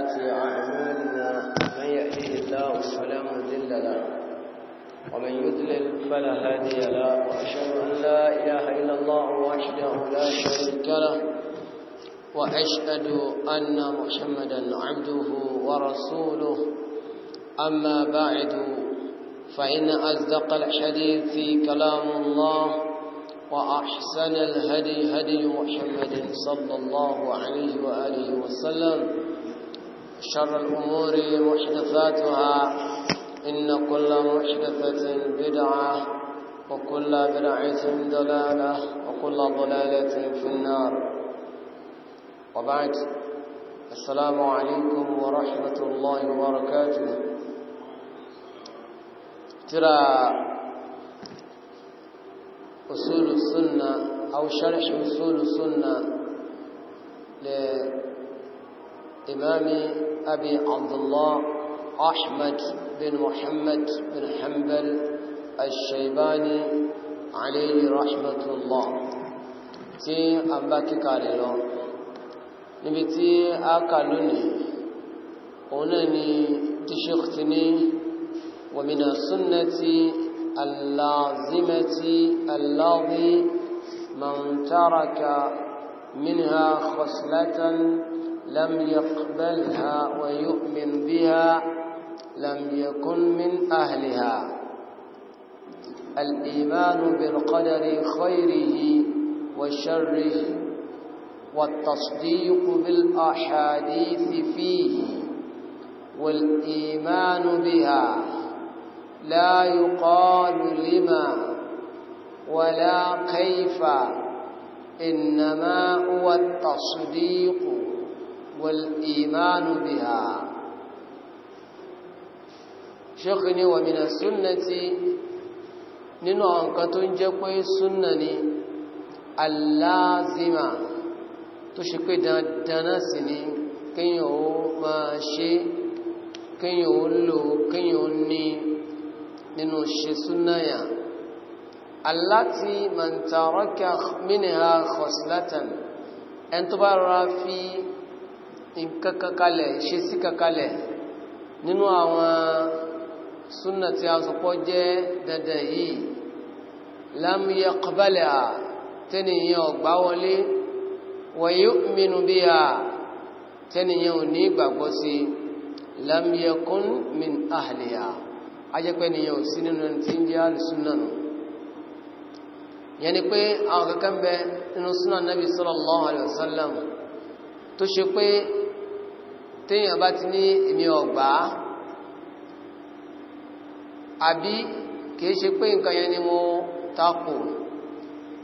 أعمالنا من يأتيه الله فلا مذل له ومن يذلل فلا هادي له وأشهد أن لا إله إلا الله وحده لا شريك له وأشهد أن محمدا عبده ورسوله أما بعد فإن أصدق الحديث كلام الله وأحسن الهدي هدي محمد صلى الله عليه وآله وسلم شر الأمور محدثاتها إن كل محدثة بدعة وكل بدعة ضلالة وكل ضلالة في النار وبعد السلام عليكم ورحمة الله وبركاته ترى أصول السنة أو شرح أصول السنة إمام أبي عبد الله أحمد بن محمد بن حنبل الشيباني عليه رحمة الله تي أباكي bá kíkà rẹ̀ أكالوني níbi تشيختني ومن السنة اللازمة اللاضي من ترك منها خصلة لم يقبلها ويؤمن بها لم يكن من أهلها الإيمان بالقدر خيره وشره والتصديق بالأحاديث فيه والإيمان بها لا يقال لما ولا كيف إنما هو التصديق والإيمان بها ṣékùní wà mí na súnnà tí nínú àwọn nǹkan tó ń jẹ́ pé súnnà ni aláàzíma tó ṣe pé dandana sí ni kíyàn ó máa ṣe kíyàn ó lò kíyàn ó ní nínú ṣe súnnà yà aláti mọ̀ntàrọ́kà mínìhà kọ̀sílátàn ẹn tó bá rọra fi nǹkankan kalẹ̀ ìṣesí kankalẹ̀ nínú àwọn súnà tí a sọpọ̀ jẹ́ dandan yìí lam yaqbalha tẹ́nìyàn ọgbà wọlé wa yu'minu biha tẹ́nìyàn ò ní ìgbàgbọ́ sí lam yakun min ahliha ajẹ́pẹ́ nìyàn ò sí nínú ẹni tí ń jẹ́ alùsúnà nù yẹni pé àwọn kankan bẹ nínú súnà nabi sallallahu alaihi wasallam tó ṣe pé téèyàn bá ti ní èmi ọ̀gbá àbí kìí ṣe pé nǹkan yẹn ni mo takò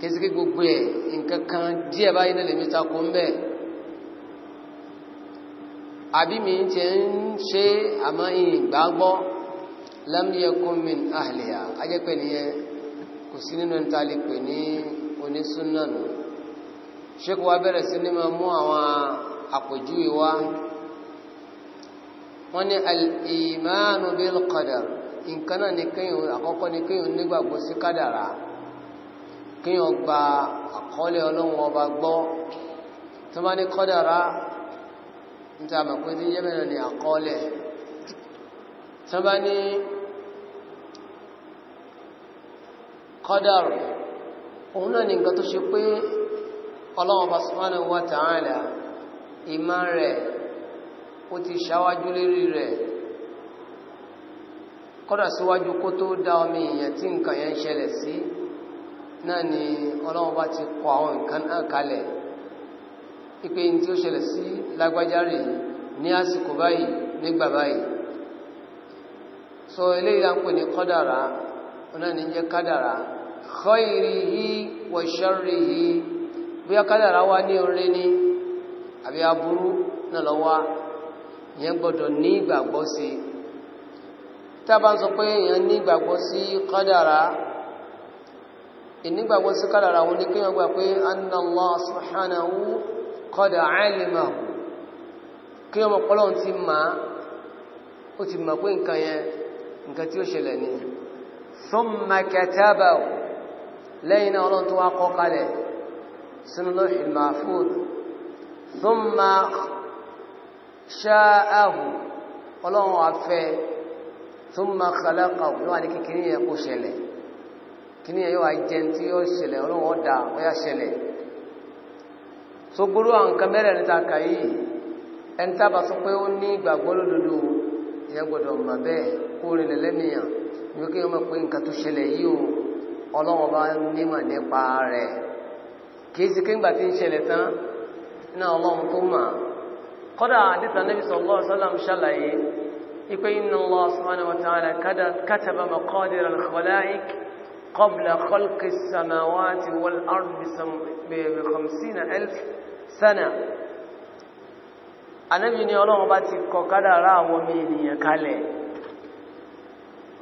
kìí sí gbogbo ẹ̀ nǹkan kan díẹ̀ báyìí náà lèmi takò ń bẹ̀ àbí mi ti ń ṣe àmọ́ ìgbàgbọ́ lam yakun min ahliha ajẹ́pẹ̀ nìyẹn kò sí nínú níta lè ní onísúnnà nù ṣé bẹ̀rẹ̀ sí ní máa àwọn àpèjúwe wá wọ́n ní al-imanu bil qadar nǹkan náà ni kíyàn àkọ́kọ́ ni kíyàn nígbàgbọ́ sí kádàrà kíyàn gba àkọọ́lẹ̀ ọlọ́run ọba gbọ́ tó bá ní kádàrà níta àmàkú tí yẹ́ mẹ́rin ni àkọọ́lẹ̀ tó bá ní kádàrà òun náà ni nǹkan tó ṣe pé ọlọ́run ọba subhanahu wa ta'ala ìmá rẹ̀ ó ti ṣáwájú lérí rẹ̀ kọ́dà síwájú kó tó dá omi èèyàn tí nǹkan yẹn ń ṣẹlẹ̀ sí náà ni ọlọ́run bá ti kọ àwọn nǹkan náà kalẹ̀ ipe tí ó ṣẹlẹ̀ sí lágbájá ní àsìkò báyìí nígbà báyìí so eléyìí là ń pè ní kọ́dàrá ọ̀nà ní jẹ́ kádàrá khairihi wa sharrihi bóyá kádàrá wá ní orí ní àbí aburú náà lọ wá yẹn gbọ́dọ̀ ní ìgbàgbọ́ sí tábà ń sọ pé èèyàn ní ìgbàgbọ́ sí kádàrá ìnígbàgbọ́ sí wọn ni gbà pé anna Allah subhanahu ti ma ó ti ma ṣááhù ọlọ́run afẹ́ thumma khalaqahu ló wà ní ni yẹn kó ṣẹlẹ̀ kíní yẹn yóò wá jẹ tí yóò ṣẹlẹ̀ ọlọ́run ọ̀dà ọ̀yà ṣẹlẹ̀ so gbúrú àwọn mẹ́rẹ̀ níta kàyí ẹni tábà sọ pé ó ní ìgbàgbọ́ lódodo gbọ́dọ̀ mà bẹ́ẹ̀ o ọlọ́run kọ́dà àdíta Nabi sallallahu alaihi wasallam ṣàlàyé ipé inna Allah subhanahu wa ta'ala kataba maqadir al-khalaiq qabla khalqi as-samawati wal ardi bi khamsina alf sana anábi ni ọlọ́run bá ti kọ kádàrá àwọn ọmọ ènìyàn kalẹ̀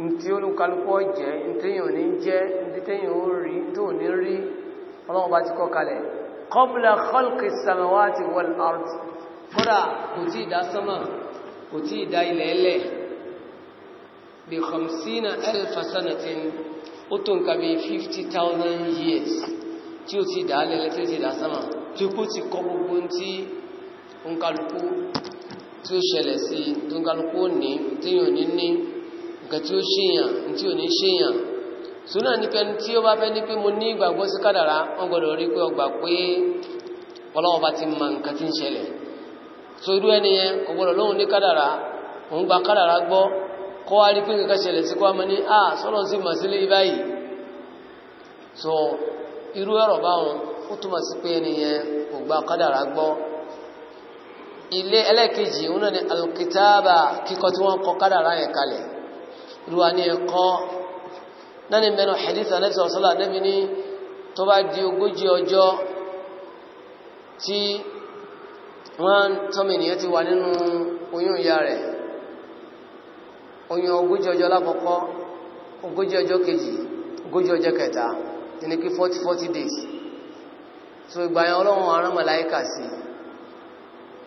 ntí olúkalúkọ́ jẹ́ ntéyàn ní jẹ́ ntéyàn ti kọ kódà kò tí ìdá sánmà kò tí ìdá ilẹ̀ ẹlẹ̀ bí khamsina alfa ó tó nǹkan bí 50,000 years tí ó ti ìdá alẹ́lẹ́ tí ó ti ìdá sánmà tí kó ti kọ gbogbo tí òǹkàlùkù tí ó ṣẹlẹ̀ sí tó òǹkàlùkù ní tí yóò ní ní nǹkan tí ó ṣèyàn tí ò ní ṣèyàn sùnà nípẹ́ni tí ó bá fẹ́ ní pé mo ní ìgbàgbọ́ sí kádàrá wọ́n gbọ́dọ̀ rí pé ọgbà pé ọlọ́wọ́ ti mọ nǹkan tí ń ṣẹlẹ̀ so irú ẹni yẹn kò gbọ́dọ̀ lóhun ní kádàrá òun gba kádàrá gbọ́ kọ́ wá rí pé nǹkan ṣẹlẹ̀ sí kó mọ́ ní à sọ́nà sí mà sílé báyìí so irú ẹ̀rọ báwọn ó túmọ̀ sí pé ẹni yẹn kò gba kádàrá gbọ́ ilé ẹlẹ́ẹ̀kejì òun náà ni alkitaba kíkọ tí wọ́n kọ kádàrá yẹn kalẹ̀ irú wa ni ẹ̀kọ́ náà ni mẹ́nu hadith anabi sọ̀rọ̀ sọ́lá anabi ní tó bá di ogójì ọjọ́ tí wọ́n tọ́mọ ènìyàn ti wà nínú oyún ìyá rẹ̀ oyún ogójì ọjọ́ lákọ̀ọ́kọ́ ogójì ọjọ́ kejì ogójì ọjọ́ kẹta ní kí 40 40 days so ìgbà yẹn ọlọ́run arán màláíkà sí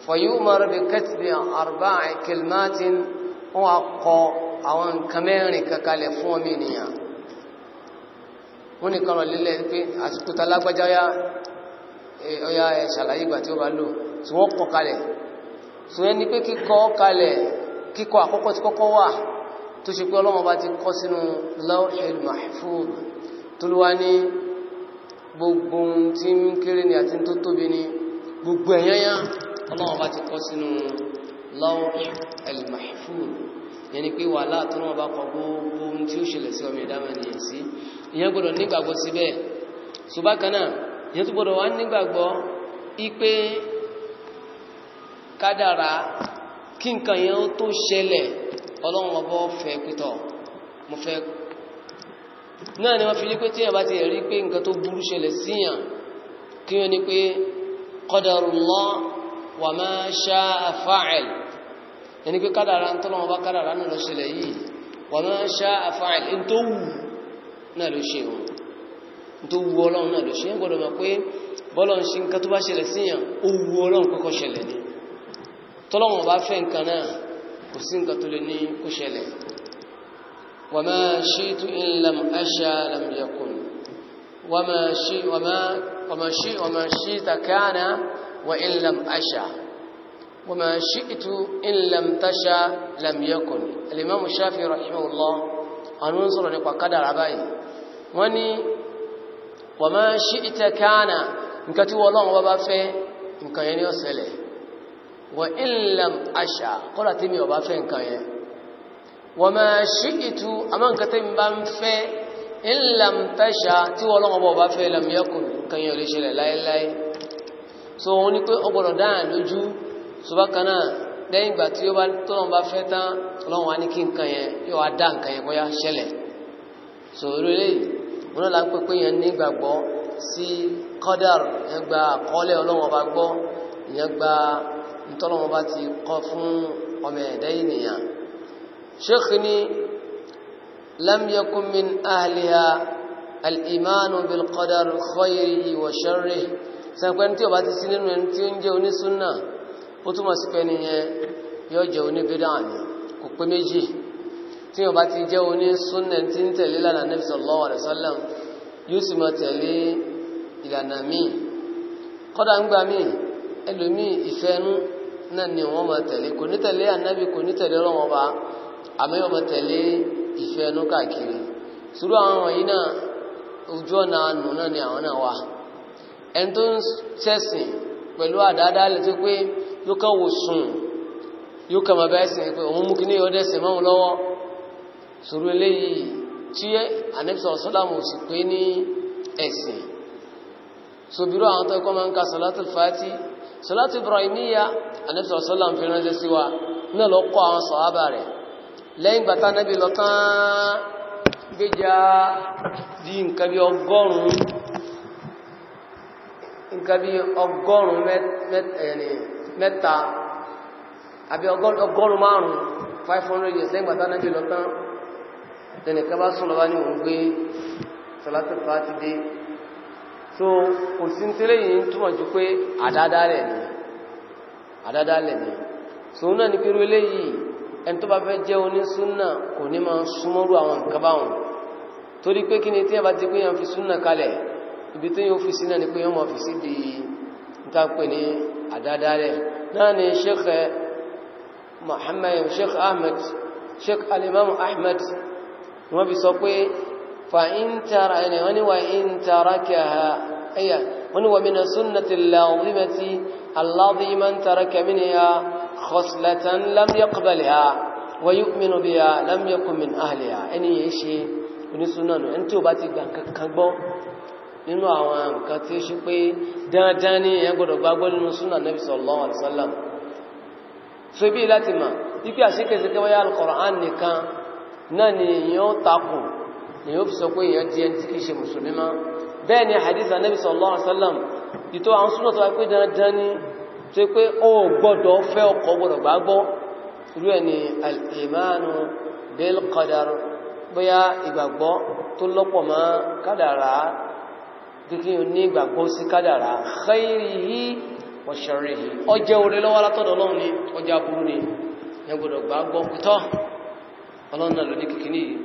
fọ̀yúmọ̀r bí kẹtìbí àrùbá kìlmátín wọ́n akọ àwọn nǹkan mẹ́rin kankalẹ̀ fún ọmọ ènìyàn wọ́n ní kan rọ̀ lílẹ̀ pé àsìkò talágbájá ọya ẹ̀ ṣàlàyé ìgbà tí ó bá lò tí wọ́n kọ kalẹ̀ so ẹni pé kíkọ kalẹ̀ kíkọ àkọ́kọ́ ti kọ́kọ́ wà tó ṣe pé ọlọ́mọba ti kọ́ sínú lawhil mahfuz tó ló wá ní gbogbo tí ń kéré ni àti tó tóbi ni gbogbo ẹ̀yányá ọlọ́mọba ti kọ́ sínú lawhil mahfuz yẹni pé wà láàtọ́ náà bá kọ gbogbo tí ó ṣẹlẹ̀ sí ọmọ ìdámẹ́ ni yẹn sí ìyẹn gbọ́dọ̀ nígbàgbọ́ síbẹ̀ ṣùgbọ́n kan ìyẹn tó gbọ́dọ̀ wá nígbàgbọ́ ipe kádàrá kí nǹkan yẹn ó tó ṣẹlẹ̀ ọlọ́run ọbọ̀ fẹ́ pítọ̀ mo fẹ́ náà ni wọ́n fi rí pé tíyàn bá ti rí pé nǹkan tó burú ṣẹlẹ̀ síyàn kí wọ́n ni pé qadarullah wa ma sha'a fa'al ẹni pé kádàrá ń tọ́lọ́wọ́ bá kádàrá náà lọ ṣẹlẹ̀ yìí wa ma sha'a fa'al ń tó wù náà ló ṣe òun ń tó wù ọlọ́run náà ló ṣe é gbọ́dọ̀ mọ̀ pé bọ́lọ̀ ṣe nǹkan tó bá ṣẹlẹ̀ síyàn ó wù ọlọ́run kọ́kọ́ ṣẹlẹ̀ ni tọ́lọ́wọ́n bá fẹ́ nǹkan náà kò sí nǹkan tó lè ní kó ṣẹlẹ̀ wàmá ṣíìtú ìlàm àṣà làmìyàkùn wàmá ṣíìtà káàna wà ìlàm àṣà wàmá ṣíìtú ìlàm tàṣà làmìyàkùn alìmọ́mù ṣáfi rahimahullah àwọn sọ̀rọ̀ nípa kádàrà báyìí wọ́n ni wàmá ṣíìtà káàna nǹkan tí wọ́n lọ́wọ́ bá fẹ́ nǹkan yẹn ni ó ṣẹlẹ̀ wa illam asha kọ́lá tí mi ọba fẹ́ nǹkan yẹn wa ma shi'tu àmọ́ nǹkan tí mi bá ń fẹ́ illam tasha tí wọ́n lọ́wọ́ ọba fẹ́ lam nǹkan yẹn so wọ́n ní pé ọgbọ̀dọ̀ dáhà lójú ṣùgbọ́n lẹ́yìn ìgbà tí ó bá tọ́lọ́n bá fẹ́ tán ọlọ́run á so irú eléyìí wọn náà la ń pè pé yẹn ní ìgbàgbọ́ sí kọ́dàr yẹn gba àkọọ́lẹ̀ ọba gbọ́ ìyẹn gba ntọ́lọ́wọ́ bá ti kọ́ fún ọmọ ẹ̀dá ènìyàn sheikh ni lam yakun min ahliha al'imanu bil qadar khayrihi wa sharrihi sẹ́pẹ́ tí ó bá ti sí nínú ẹni tí ó ń jẹ́ onísúnnà ó túnmọ̀ sí pé nìyẹn yóò jẹ́ oníbídà ni kò pé méjì tí ó bá ti jẹ́ onísúnnà tí ń tẹ̀lé lànà Nabi náà ni wọ́n máa tẹ̀lé kò ní tẹ̀lé ànábì kò ní tẹ̀lé ọlọ́wọ́n bá àmọ́ yóò máa tẹ̀lé ìfẹ́ ẹnu káàkiri sùúrù àwọn wọ̀nyí náà ojú ọ̀nà àánú náà ni àwọn náà wà ẹni tó ń ṣẹ̀sìn pẹ̀lú àdáadáa lè tó pé yóò kàn wò sùn yóò kàn máa bẹ́ẹ̀ sìn pé òun mú kí ní ọdẹ sìn máa ń lọ́wọ́ sùúrù eléyìí tí ànẹ́bìsọ̀ sọ́lámù sì pé ní ẹ̀sìn sòbírò àwọn tó kọ́ máa ń ka sọ̀látùl fàátì sọlátù ibrahimiyya anẹ́bìsọ̀ sọ́lá ń fi ránṣẹ́ sí wa náà lọ kọ́ àwọn sọ̀hábà rẹ̀ lẹ́yìn gbàtà nẹ́bì lọ tán gbéjà di nǹkan bí ọgọ́rùn-ún nǹkan bí ọgọ́rùn-ún mẹ́ta àbí ọgọ́rùn-ún márùn-ún 500 years lẹ́yìn gbàtà nẹ́bì lọ tán tẹnìkan bá sùn so kò sí tẹ́lẹ̀ yìí túnmọ̀ jù pé àdádálẹ̀ ni àdádálẹ̀ ni so náà ní pẹ̀lú eléyìí ẹni tó bá fẹ́ jẹ́ onísúnnà kò ní máa súnmọ́rú àwọn nǹkan báwọn torí pé kí ni tí yẹn bá ti pé yẹn fi súnnà kalẹ̀ ibi tí yóò fi sí náà ni pé yẹn mọ̀ fi sí di ntápè ní àdádálẹ̀ náà ni sheikh eh, Muhammad sheikh Ahmed sheikh alimami Ahmed wọ́n fi sọ pé فإن ترى يعني وإن تركها أي ومن السنة اللازمة الذي من ترك منها خصلة لم يقبلها ويؤمن بها لم يكن من أهلها أني يعني يشي من السنة أنت وباتي كنبو nínú àwọn nǹkan tí ó ṣe pé dáadáa ní ẹ̀yàn gbọdọ̀ gbàgbọ́ nínú súnà Nabi sallallahu alaihi wasallam so ibi láti ma ipi àṣíkẹsẹ̀kẹ́ wáyé Al-Qur'an nìkan náà ni èyàn takùn ni yóò fi sọ pé èèyàn di ẹni tí kìí ṣe mùsùlùmí mọ́ bẹ́ẹ̀ ni hadith anabi sallallahu alaihi wasallam ìtọ́ àwọn súnà tó wá pé dandan ni tó pé ó gbọ́dọ̀ fẹ́ ọkọ̀ gbọ́dọ̀ gbàgbọ́ irú ẹni al-imanu bil qadar bóyá ìgbàgbọ́ tó lọ́pọ̀ mọ́ kádàrá kíkí ní ìgbàgbọ́ sí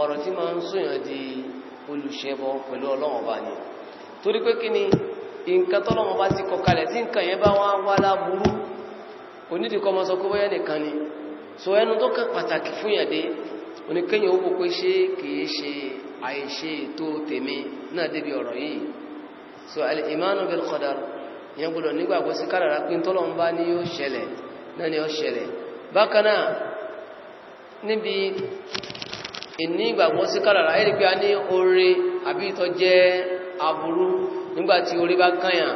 ọ̀rọ̀ tí máa ń sóyàn di olùṣẹbọ pẹ̀lú ọlọ́run ọba ni torí pé kí ni nǹkan tọ́lọ́run ọba ti kọkalẹ̀ tí nǹkan yẹn bá wọ́n wá láburú onídìíkọ́ ọmọ sọ pé bóyá nìkan ni so ẹnu tó kàn pàtàkì fún yàn dé oníkéyàn pé ṣé kìí ṣe àìṣe ètò tèmi náà débi ọ̀rọ̀ yìí so al-imanu bil qadar ìyẹn gbọdọ̀ nígbàgbọ́ sí kádàrá pé tọ́lọ́run bá ní yóò ṣẹlẹ̀ náà ni ó ṣẹlẹ̀ bákan náà níbi ìní ìgbàgbọ́ sí kádàrá ẹ̀rí pé a ní oore àbí ìtọ́ jẹ́ aburú nígbàtí oore bá kàyàn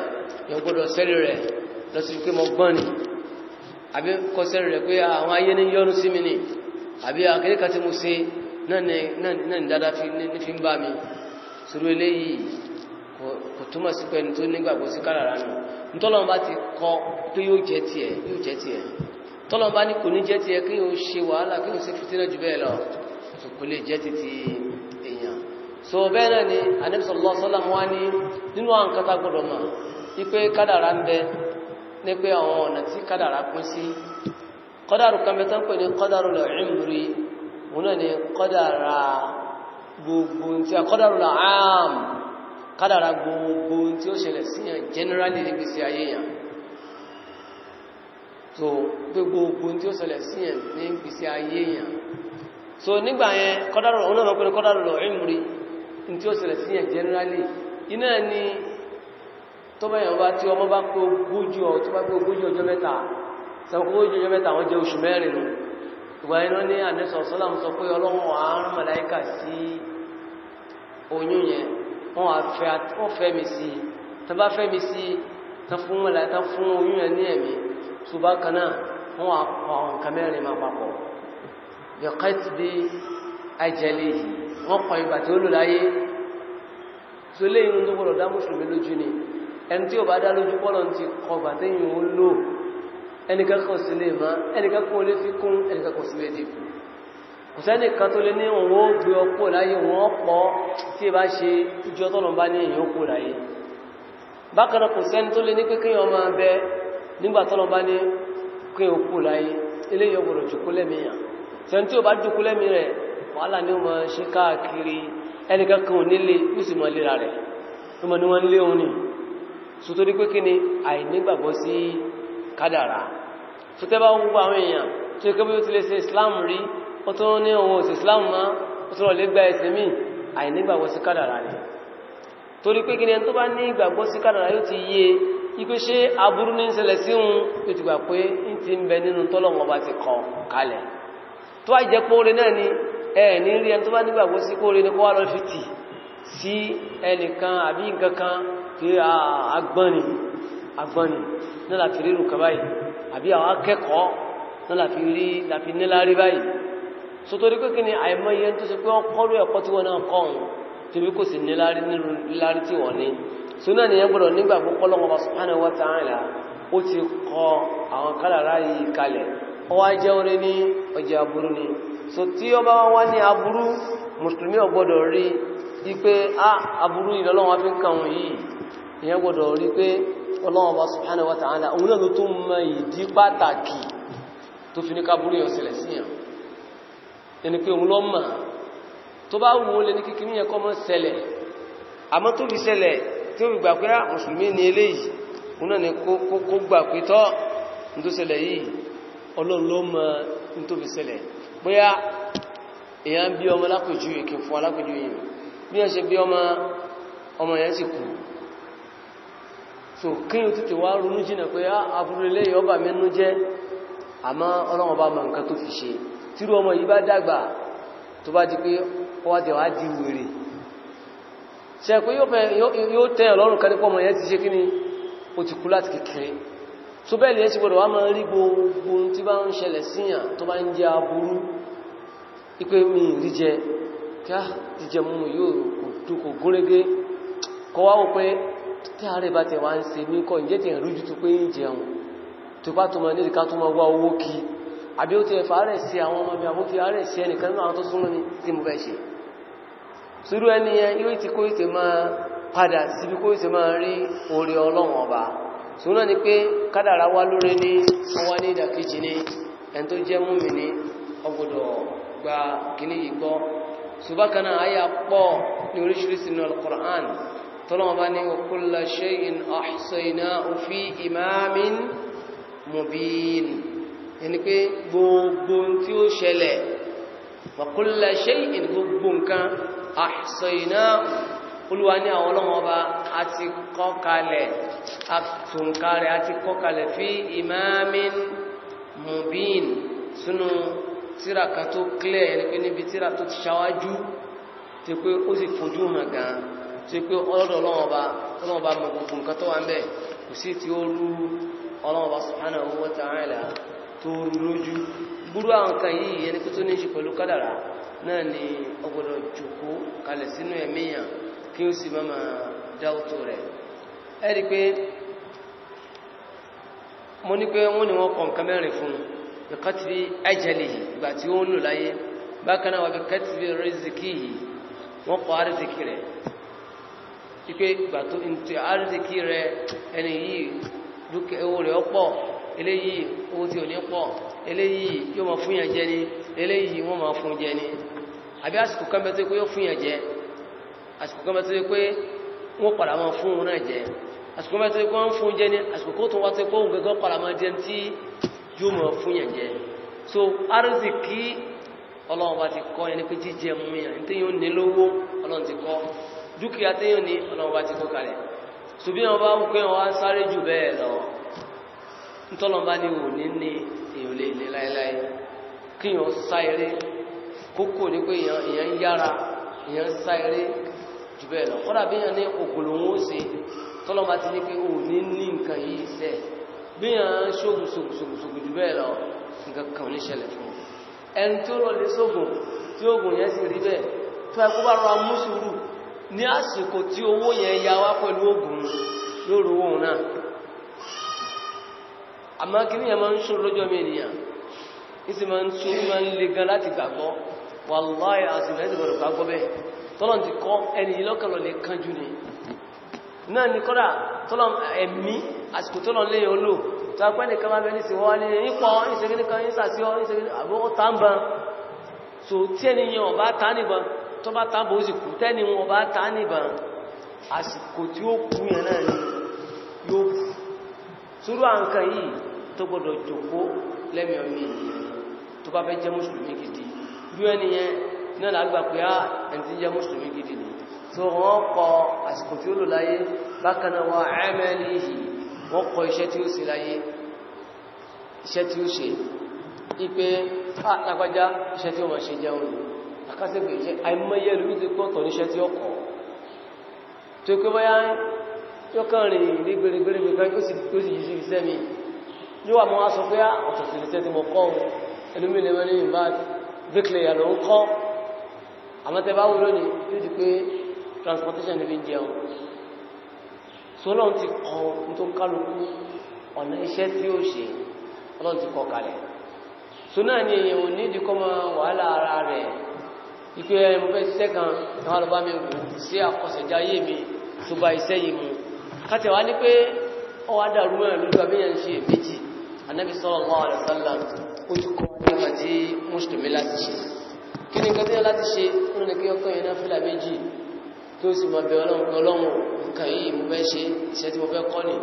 yẹn gbọ́dọ̀ sẹ́rí rẹ̀ lọ sí pé mo gbọ́n ni àbí kọ́ sẹ́rí rẹ̀ pé àwọn ayé ní yọ́nú sí mi ni àbí àkéré kan tí mo ṣe náà ní dáadáa fi ń bá mi sùúrù eléyìí kò túmọ̀ sí pé ẹni tó nígbàgbọ́ sí kádàrá nù ntọ́lọ́n bá ti kọ́ pé yóò jẹ́ tiẹ̀ yóò jẹ́ tiẹ̀ tọ́lọ́n bá ní kò ní jẹ́ tiẹ̀ kò lè jẹ́ títí èèyàn so bẹ́ẹ̀ náà ni Ànábì sallallahu alaihi wasallam wá ní nínú àwọn kátà gbọ́dọ̀ mà ní pé kádàrá ń bẹ ní pé àwọn ọ̀nà tí kádàrá pín sí kọ́dàrú kan bẹ tán pè ní kọ́dàrú ni kọ́dàrá gbogbo tí tí ó ṣẹlẹ̀ generally níbi sí ayé yàn so gbogbo tí ó ṣẹlẹ̀ síyàn níbi sí ayé yàn so nígbà yẹn kọ́dárùn ún náà pẹ̀lú kọ́dárùn lọ ìmúrí in tí ó ṣẹlẹ̀ sí yẹn generally iná ni tó bẹ̀yàn bá tí ọmọ bá kó gójú ọ̀ tó bá kó gójú ọjọ́ mẹ́ta sẹ́wọ́n kó gójú ọjọ́ mẹ́ta wọ́n jẹ́ oṣù mẹ́rin ìgbà iná ní àdẹ́sọ̀ sọ́làmù sọ pé ọlọ́run àárùn màláìkà sí oyún yẹn wọ́n wá fẹ́ mi sí tó bá fẹ́ mi sí tó fún màláìkà fún oyún yẹn ní ẹ̀mí tó bá kanáà wọ́n wá pa ọ̀nkà mẹ́rin máa papọ̀ bẹ̀kẹ́tìdé ajẹ́lẹ̀ yìí wọ́n kọ ìgbà tí ó lò láyé tó lé inú tó gbọ́dọ̀ dá mùsùlùmí lójú ni ẹni tí ó bá dá lójú pọ́lọ̀ ti kọ bà tẹ́yìn ó lò ẹnikẹ́kọ̀ọ́ sí lè má ẹnikẹ́kọ̀ọ́ lè fi kún ẹnikẹ́kọ̀ọ́ sí lè dìkù kò sẹ́nìkan tó lé ní òun ó sẹ́ni tí ó bá jókòó lẹ́mí rẹ̀ wàhálà ni ó mọ̀ ṣe káàkiri ẹnìkan kan ò nílé ó sì mọ̀ lera rẹ̀ ó mọ̀ ní wọ́n lé òun ni sùtórí pé kí ni àìnígbàgbọ́ sí kádàrà sùtẹ́ bá wúwo àwọn èèyàn tí ó kébí ó ti lè ṣe Islam rí ó tó ní òun òsì Islam mọ́ ó aburú ní ń síhun yóò pé ń ti ń bẹ nínú tọ́lọ́wọ́n bá ti kọ kalẹ̀ tó àìjẹ́ póore náà ni ẹni rí ẹni tó bá nígbàgbọ́ sí póore ní kọ́wà lọ fìtì sí ẹnìkan àbí nǹkankan kí agbọ́nì agbọ́nì náà láti rí rùkà báyìí àbí àwọn akẹ́kọ̀ọ́ náà láti rí láti níláárí báyìí so torí pé kí ni àìmọye tó ṣe pé wọ́n kọ́rú ẹ̀kọ́ tí wọ́n náà kọ́hùn tóbi kò sí níláárí níláárí tí wọ́n ní so náà nìyẹn gbọ́dọ̀ nígbàgbọ́ Ọlọ́hun Subhanahu wa ta'ala ó ti kọ àwọn kádàrá yìí kalẹ̀ ọwá jẹ́ orí ní ọjẹ́ aburú ni so tí ó bá wá ní aburú mùsùlùmí ò rí i pé a ah, aburú ìlọ́lọ́wọ́ fi ń kàwọn yìí ìyẹn gbọ́dọ̀ rí pé ọlọ́wọ́ wa ta'ala òun náà ló tó mọ ìdí pàtàkì tó fi ní kaburú yẹn ṣẹlẹ̀ sí yàn ẹni pé òun lọ mọ̀ tí ó fi gbà pé ah, mùsùlùmí ni eléyìí òun náà ni kó gbà pé tọ́ ní tó ṣẹlẹ̀ yìí ọlọ́run ló mọ̀ ní tó fi ṣẹlẹ̀ bóyá èyàn bí ọmọ lápòjú ìkè fún alápòjú yìí bí wọ́n bí ọmọ ọmọ yẹn sì kú so kí o tètè wá ronú jìnà pé ah, aburú ilé ọba mẹ́nu jẹ́ àmọ́ ọlọ́run ọba mọ̀ nǹkan tó fi ṣe tírú ọmọ yìí bá dàgbà tó bá di pé ọwá ni ó ti kú láti kékeré tó bẹ́ẹ̀ lè ṣe gbọdọ̀ wá máa rí gbogbo tí bá ń ṣẹlẹ̀ síyàn tó bá ń jẹ aburú ipé mi rí jẹ ká jíjẹ mú yóò dùn kò gúnrégé kọ wá wò pé tí ààrẹ bá tẹ̀ wá ń ṣe mí kọ́ ìjẹ́ tẹ̀ rújú tó pé ń jẹun tó bá tó máa nílì ká tó máa wá owó kí àbí ó ti ẹ̀fà rẹ̀ sí àwọn ọmọ mi àbó fi ṣùgbọ́n ni pé kádàrá wá lórí ní ọwá ní ìdàkejì ní ẹni tó jẹ́ múmi ní ọgbọ̀dọ̀ gba kìíní yìí gbọ́ ṣùgbọ́n àyà pọ̀ ní oríṣiríṣi ní al-Qur'an tọ́lọ́wọ́ bá ní wa kulla olúwa ní àwọn ọlọ́wọ́n ọba a ti kọ́ kalẹ̀ àtúnkalẹ̀ a ti kọ́ fi imamin mubin sínú tíra kan tó clear ẹni pé níbi tíra tó ti ṣáwájú tí pé ó sì fojú hàn gan tí pé ọlọ́dọ̀ ọlọ́wọ́n ọba ọlọ́wọ́n ọba mọ gbogbo nǹkan tó wà ń bẹ̀ kò sí tí ó rú ọlọ́wọ́n ọba subhanahu tó lójú burú àwọn nǹkan yìí ẹni pé tó ní ṣe pẹ̀lú kádàrà náà ni ọgbọ́dọ̀ jòkó kalẹ̀ sínú ẹ̀míyàn kí ó sì má máa dá òtò rẹ̀ ẹ̀rí pé mo ní pé wọ́n ni wọ́n nǹkan mẹ́rin fún bí kọ́tìrí ìgbà tí ó ń lò láyé bákan wà yìí wọ́n kọ àrízìkì rẹ̀ ipe ìgbà tó ntì àrízìkì rẹ̀ ẹni yìí dúkẹ́ owó rẹ̀ ọ̀pọ̀ eléyìí owó tí ò ní pọ̀ eléyìí àsìkò kan bá tó yẹ pé wọ́n padà máa fún òun náà jẹ àsìkò kan bá wọ́n fún jẹ ní àsìkò tó wá tó yẹ gẹ́gẹ́ padà máa jẹ tí yóò máa fún yẹn jẹ so arzikí ọlọ́run bá ti kọ́ yẹn ní pé jíjẹ mú yẹn ní téyàn ní lówó ọlọ́run ti kọ́ dúkìá téyàn ní ọlọ́run bá ti kọ́ kalẹ̀ ṣùgbí wọn bá ń pé wọn sáré jù bẹ́ẹ̀ lọ nítọ́lọ́n bá ní wò ní kí èèyàn sá kókò ní pé èèyàn yára èèyàn sá jù bẹ́ẹ̀ lọ bí ní òkòlòwò ṣe tọ́lọ́mà ti o ní ní nǹkan yìí sẹ́ bí yàn ṣógun ṣògùṣògùṣògù jù bẹ́ẹ̀ lọ nǹkan kan ní ṣẹlẹ̀ fún ẹni tó rọ ṣógun tí ogun yẹn sì rí bẹ́ẹ̀ tó ẹkú bá tí owó ya wá pẹ̀lú ogun lóru náà àmọ́ kí ní yẹn ń mi ènìyàn máa ń tọ́lọ́n ti kọ́ ẹni ìlọ́kànlọ́ lè kánjú ni náà ni kọ́dà tọ́lọ́n ẹ̀mí àsìkò tọ́lọ́n lè olò tàbí ẹnìkan máa bẹ̀rẹ̀ sí wọ́n ní ipọ̀ ìṣẹ́gẹ́nìkan ìsàsíọ́ àbúrò tàbí so tí ẹni yẹn ọba ta nìbọn tó bá tàbí ó sì kú tẹ́ni wọn ọba ta nìbọn àsìkò tí ó kú yẹn náà ni yóò kú sórú àǹkan yìí náà lágbà pé á ah, ẹni tí jẹ́ mùsùlùmí gidi ni tó wọ́n kọ àsìkò tí ó lò láyé bákan náà wọ́n àmẹ́lì yìí wọ́n kọ iṣẹ́ tí ó ṣe láyé iṣẹ́ tí ó ṣe ipe àtàgbájá ah, iṣẹ́ tí ó wọ́n ṣe jẹun àkásẹ̀gbẹ̀ iṣẹ́ àìmọ́yẹ lórí tí kọ́ àmọ́ tẹ bá wò lónìí yóò di pé transportation níbi jẹun sọlọ́n ti kọ tó kálukú ọ̀nà iṣẹ́ tí ó ṣe ọlọ́n ti kọ kalẹ̀ so náà ni èyàn ò ní ìdíkọ́ máa wàhálà ara rẹ̀ ipé ẹni mo fẹ́ ṣiṣẹ́ kan àwọn alọ́bá mi wò sí àkọsẹ̀já ayé mi tó bá iṣẹ́ yìí mu káti kí ni nǹkan láti ṣe tún ní kí ọkọ̀ yẹn náà fílà méjì tó sì mọ̀ bẹ̀ ọlọ́run pé ọlọ́run nǹkan yìí mo fẹ́ ṣe iṣẹ́ tí mo fẹ́ kọ́ ni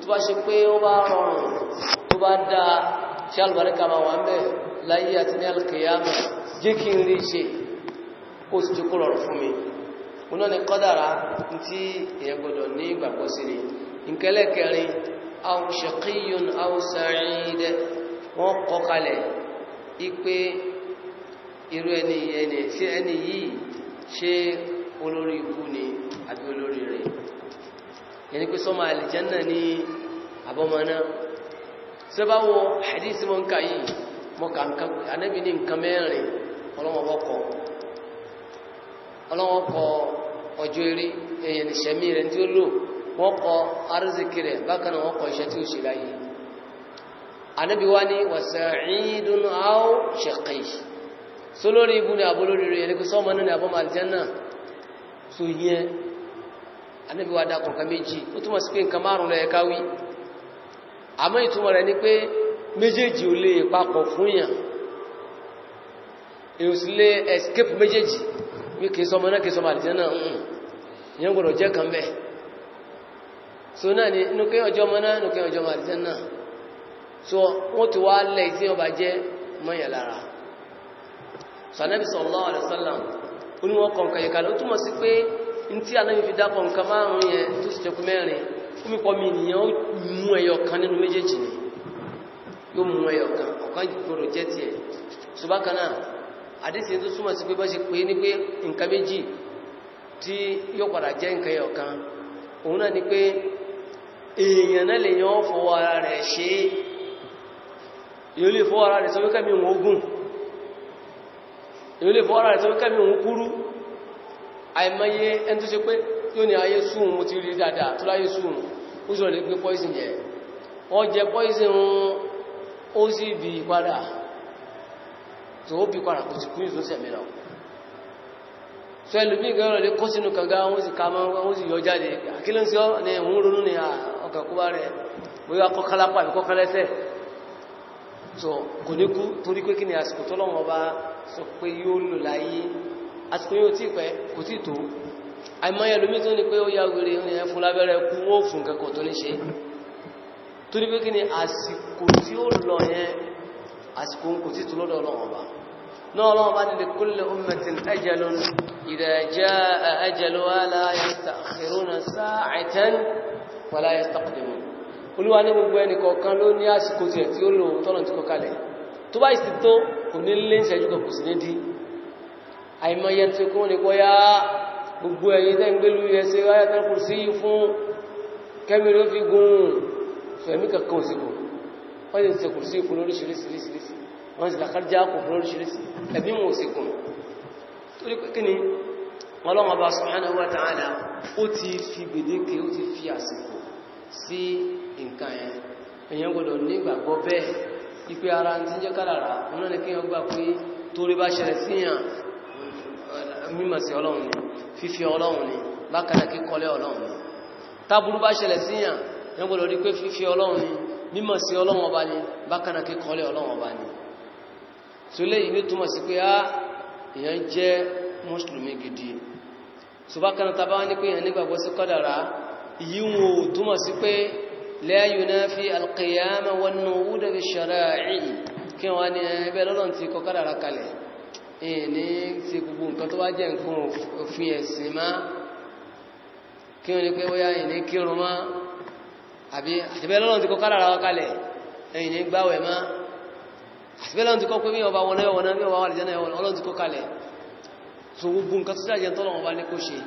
tó bá ṣe pé ó bá rọrùn tó bá dáa ṣé àlùbáríkà máa wà ń bẹ̀ láyé àti ní àlùkìyàmù jẹ́ kí n rí ṣe ó sì jókòó rọrùn fún mi mo náà irú ẹni ẹni tí ẹni yìí ṣe olórí ikú ni àbí olórí rẹ̀ yẹni pé sọmọ àlìjánà ní àbọ́mọ́ná tí ó bá wọ hadith mọ́ nǹka yìí mọ́ka anábì ní nǹkan mẹ́rin ọlọ́wọ́kọ̀ ọlọ́wọ́kọ̀ ọjọ́ eré èyàn ìṣẹ̀mí rẹ̀ tí ó lò wọ́n kọ arzikì rẹ̀ bákan náà wọ́n kọ iṣẹ́ tí ó ṣe láyé anábì wá ní wàsàáìdùn áó ṣẹ̀kẹ̀ẹ́ so lórí ibu ni àbó lórí rẹ̀ ẹnikú sọ́mọ náà ni àbọ́ màlìjánà tó yẹn anábí wa dákùn kan méjì ó túnmọ̀ sí pé nǹkan márùn lọ ẹ̀ká àmọ́ ìtumọ̀ rẹ̀ ni pé méjèèjì ò lè papọ̀ fún escape méjèèjì bí kìí sọmọ náà kìí sọmọ àlìjánà ìyẹn gbọ́dọ̀ jẹ́ so ni nukẹ́ ọjọ́ ọmọ náà nukẹ́ ọjọ́ ọmọ àlìjánà so wọ́n ti wá lẹ̀ ìsìn ọba jẹ́ mọ́yàn lára sànẹ́bì sallallahu alaihi wasallam oníwọ́n kọ̀ǹkan yẹ̀ká ló túnmọ̀ sí pé in tí anábi fi dá kọ̀ǹkan márùn yẹn tó sì jẹkú mẹ́rin fúnmípọ̀ mi nìyàn ó mú ẹyọ kan nínú méjèèjì ni yóò mú ẹyọ kan ọ̀kan gbọdọ̀ jẹ́ tiẹ̀ ṣùgbọ́n àdísì tó túnmọ̀ sí pé bọ́ ṣe pé ní pé nǹkan méjì tí yóò padà jẹ́ nǹkan ẹyọ kan òun na ni pé èèyàn èyí lè fọ́ra rẹ̀ tó kẹ́mí òun kúrú àìmọye ẹni tó ṣe pé yóò ní ayé súnmù mo ti rí dáadáa tó láyé súnmù ó sọ lè gbé poison jẹ wọ́n jẹ poison ó sì bí padà tó ó bí padà kò sì kú ìsún sẹ̀mí lọ sọ ẹlòmí ìgbẹ́rọ̀ lè so kò ní kú torí pé kí ni àsìkò tó lọ́wọ́ bá sọ pé yóò lò láyé àsìkò yóò tí pẹ́ kò tí tó àìmọye ẹlòmí tó ní pé ó ya wèrè ìrìn fún lábẹ́rẹ́ kú wọ́n fún kẹ́kọ̀ọ́ tó ní ṣe torí pé kí ni àsìkò tí ó lọ yẹn àsìkò kò tí tó lọ́dọ̀ olúwa ní gbogbo ẹnìkọ̀ọ̀kan ló ní àsìkò tiẹ̀ tí ó lò tọ́nà tí kọ kalẹ̀ tó bá ìsìn tó kò ní lé ìṣẹ́jú kan kò sí ní dí àìmọye tí kún ní kọ́ yá gbogbo ẹ̀yin tẹ́ ń gbé lórí ẹsẹ̀ ayatollah kò sí fún kẹ́mi ló fi gun fẹ̀mí kankan òsìkò wọ́n ti sẹ̀kù ó ti fi gbèdéke ó ti fi àsìkò sí nǹkan yẹn èèyàn gbọdọ̀ nígbàgbọ́ bẹ́ẹ̀ ipe ara ti ń jẹ́ kádàrá náà ni kí wọ́n gbà pé torí bá ṣẹlẹ̀ síyàn mímọ̀ sí ọlọ́run ni fífi ọlọ́run ni bákan náà kíkọ́lé ọlọ́run ni táburú bá ṣẹlẹ̀ síyàn èèyàn gbọdọ̀ rí pé fífi ọlọ́run ni mímọ̀ sí ọlọ́run ọba ni bákan gidi so bákan náà tábà wá ní pé èèyàn nígbàgbọ́ لا ينافي القيام والنهوض بالشرائع kí wọ́n ní ẹgbẹ́ lọ́lọ́n ti kọ kádàrá kalẹ̀ ní ti gbogbo nǹkan tó wá jẹ́ nǹkan òfin ẹ̀sìn má kí wọ́n ní pé wọ́yá ìní kírun má àbí àtìbẹ́ lọ́lọ́n ti kọ kádàrá kalẹ̀ ẹ̀yìn ní gbáwẹ̀ má àtìbẹ́ lọ́lọ́n ti kọ pé míyàn bá wọná ẹwọ̀ná míyàn bá wà lìjẹ́ náà ọlọ́n ti kọ kalẹ̀ so gbogbo nǹkan tó dájẹ́ tọ́lọ́wọ́n bá ní kó ṣe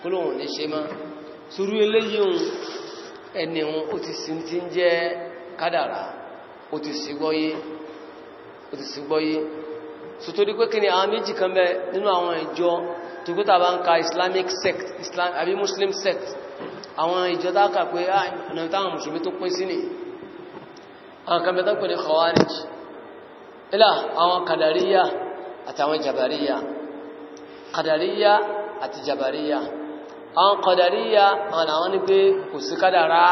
kó lóun ní ṣe má sorú eléyìí ẹni òun ó ti sin ti ń jẹ́ kádàrà ó ti sì gbọ́yé ó ti sì pé kí ni àwọn méjì kan bẹ nínú àwọn ìjọ tó gbé tàbá ń ka islamic sect islam àbí muslim sect àwọn ìjọ dákà pé ah, ọ̀nà táwọn mùsùlùmí tó pín sí ni àwọn kan bẹ̀tọ́ pẹ̀lú khawarij ilá àwọn kàdàríyà àtàwọn jàbàríyà kàdàríyà àti jàbàríyà àwọn kọ̀dàríyà àwọn àwọn ní pé kò sí kádàrá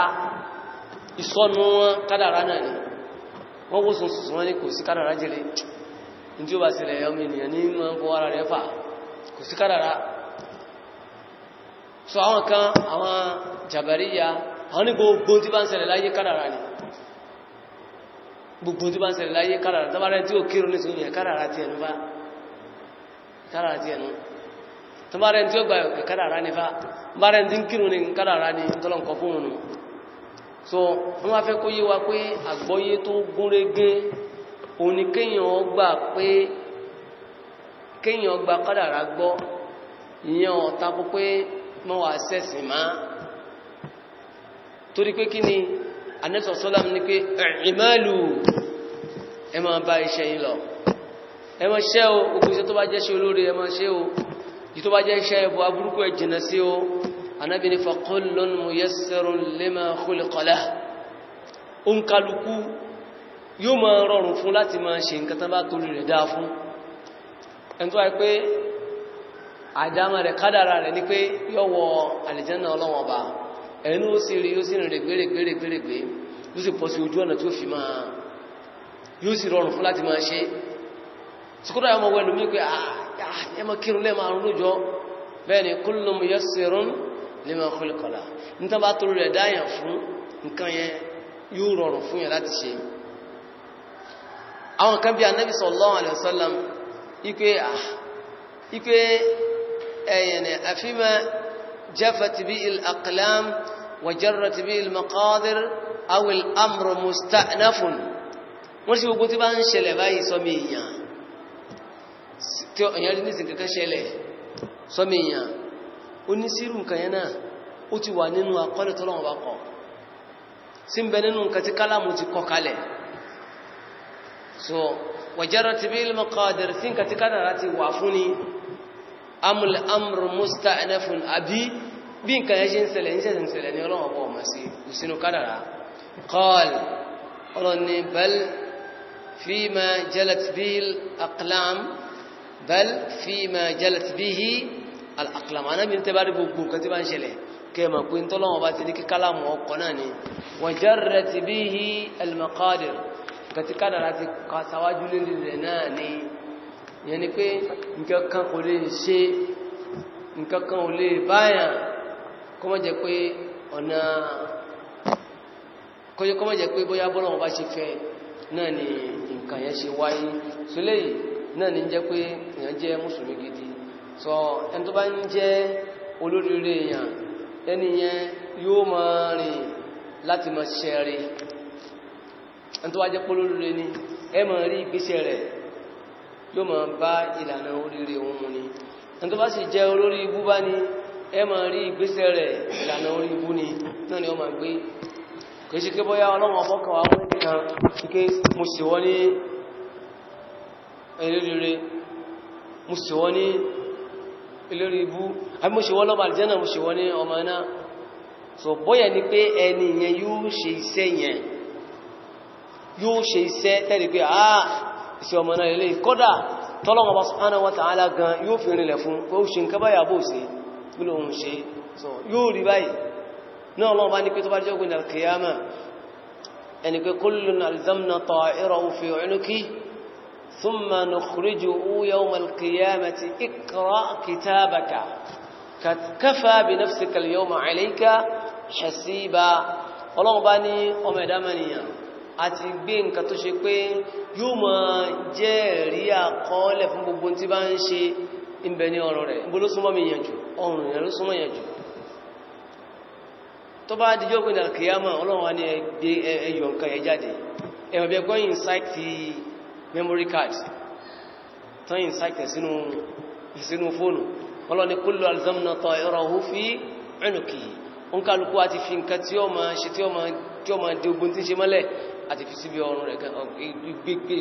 ìsọ́nù kádàrá ni wọ́n kó sùn sùn wọ́n ní kò sí kádàrá jẹ́lẹ̀ ní tí ó bá sílẹ̀ ọmọ ènìyàn ní ara rẹ̀ fà kò sí kádàrá so àwọn kan àwọn jàbàríyà àwọn ní gbogbo tí bá ń ni gbogbo tí bá ń láyé kádàrá tó bá rẹ̀ tí ó gba kádàrá ní fa bá rẹ̀ tí ń kírun ní kádàrá ní tọ́lọ̀nkọ fún òun so wọ́n wá fẹ́ kó yé wa pé àgbọ́yé tó gúnrégé òun ni kéèyàn gbà pé kéèyàn gba kádàrá gbọ́ ìyẹn ọ̀ta kó pé mọ́ wà sẹ́sìn má torí pé kí ni anẹ́sọ̀ sọ́lám ní pé ìmẹ́lù ẹ bá iṣẹ́ yìí lọ ẹ ṣẹ́ o gbogbo tó bá jẹ́ ṣe olóore ẹ máa o yìí tó bá jẹ́ iṣẹ́ ẹbọ aburúkú ẹ jìnà sí o anábì ní fakullun muyassarun lima khuliqa lahu ó ń kálukú yóò máa rọrùn fún láti máa ṣe nǹkan tán bá torí rẹ̀ dáa fún ẹni tó wáyé pé àdámà rẹ̀ kádàrà rẹ̀ ní pé yóò wọ àlìjẹ́nà ẹnu ó sì rí ó sì rìn gbèrègbèrègbèrègbè ó sì pọ̀ sí ojú ọ̀nà tí ó fi máa yóò sì rọrùn fún láti máa ṣe sukúrò àwọn ọmọ ẹlòmíì pé ah ẹmọ kírun lẹ́mọ àrùn lójọ́ bẹ́ẹ̀ ni kullu muyassirun lima khuliqa lah níta bá torí rẹ̀ dáyàn fún nǹkan yẹn yóò rọrùn fún yẹn láti ṣe àwọn kan bí anábì sallallahu alaihi wasallam ipe ah ipe ẹ̀yẹn àfihàn jafat bi al-aqlam wa jarrat bi al-maqadir aw musta'nafun wọ́n sì gbogbo tí bá ń ṣẹlẹ̀ báyìí sọmi èèyàn tí èyàn rí nísìn kankan ṣẹlẹ̀ sọmi èyàn ó ní sírù nǹkan yẹn náà ó ti wà nínú akọ́lẹ̀ tọ́lọ́wọ́n bá kọ sí ń bẹ nínú nǹkan tí kálámù ti kọ kalẹ̀ so wàjára ti bí ilmọ̀ kọ́ọ̀dẹ̀rẹ̀ sí nǹkan tí kádàrá ti wà fún ni amul amru musta'nafun àbí bí nǹkan yẹn ṣe ń ṣẹlẹ̀ ń ṣẹ̀ṣẹ̀ ń ṣẹlẹ̀ ní ọlọ́wọ́n bọ̀ ọmọ sí ìsinú kádàrá kọ́ọ̀lù ọlọ́ni bẹ́ẹ̀ fíìmà jẹ́lẹ̀tìbíl àkàlám bal fi ma jalat bihi al-aqlam anábì ní tẹ́bárí gbogbo nǹkan tí bá ń ṣẹlẹ̀ kẹmọ̀ pé ń tọ́lọ́wọ́ bá ti ní kí kálàmù ọkọ̀ náà ni wa jarrat bihi al-maqadir nǹkan tí kádàrá ti kọ sáwájú lérí rẹ̀ náà ni yẹn ni pé nǹkan kan kò lè ṣe nǹkan kan ò lè báyàn kọmọ̀jẹ̀ pé ọ̀nà kọmọ̀jẹ̀ pé bóyá bọ́lọ́wọ́ bá ṣe fẹ́ náà ni nǹkan yẹn ṣe wáyé so léyìí náà ní jẹ́ pé èèyàn jẹ́ mùsùlùmí gidi sọ ẹni tó bá ń jẹ́ olóríire èèyàn ẹni yẹn yóò máa rìn láti máa ṣẹ̀rẹ̀ ẹni tó wá jẹ́ polóríire ni ẹ máa rí ìgbésẹ̀ rẹ̀ yóò máa bá ìlànà oríire òun mu ni ẹni tó bá sì jẹ́ olórí ibú bá ni ẹ máa rí ìgbésẹ̀ rẹ̀ ìlànà orí ibú ni náà ni eléríire mo sì wọ́n ní eléri ibú àbí mo sì wọ́n lọ́bàá àlìjẹ́nà mo sì wọ́n ní ọmọ náà so bóyẹ̀ ni pé ẹni yẹn yóò ṣe iṣẹ́ yẹn yóò ṣe iṣẹ́ tẹ́rì pé àà iṣẹ́ ọmọ náà ilé kọ́dà tọ́lọ́wọ́ bá subhanahu wa ta'ala gan yóò fi rinlẹ̀ fún pé ó ṣe nǹkan báyà bó ṣe bí lóun ṣe so yóò rí báyìí náà ọlọ́run bá ní pé tó bá jẹ́ ògbìn al-qiyamah ẹni pé kullun alzamna ta'irahu fi 'unuqihi ثم نخرجه يوم القيامة اقرأ كتابك كفى بنفسك اليوم عليك حسيبا ọlọ́run bá ní ọmọ ẹ̀dá mẹ́nìyàn àti gbé nǹkan tó ṣe pé yóò mọ̀ jẹ́ rí àkọọ́lẹ̀ fún gbogbo tí bá ń ṣe ìbẹ̀ ní ọ̀rọ̀ rẹ̀ gbogbo ló súnmọ́ mi yànjú ọ̀rùn ìyàn ló súnmọ́ yànjú tó bá díjọ́ pé nàkìyàmọ̀ ọlọ́run wá ní ẹyọ nǹkan ẹ̀ jáde ẹ̀mọ̀bẹ̀gbọ́yìn sáìtì memory card tán ìsáìtẹ̀ sínú fóònù ọlọ́ni kullu alzamna ta'irahu fi unuki o ń kálukú àti fi nǹkan tí ó ma ṣe tí ó ma tí ó ma di ogun tí ń ṣe mọ́lẹ̀ àti fi síbi ọrùn rẹ̀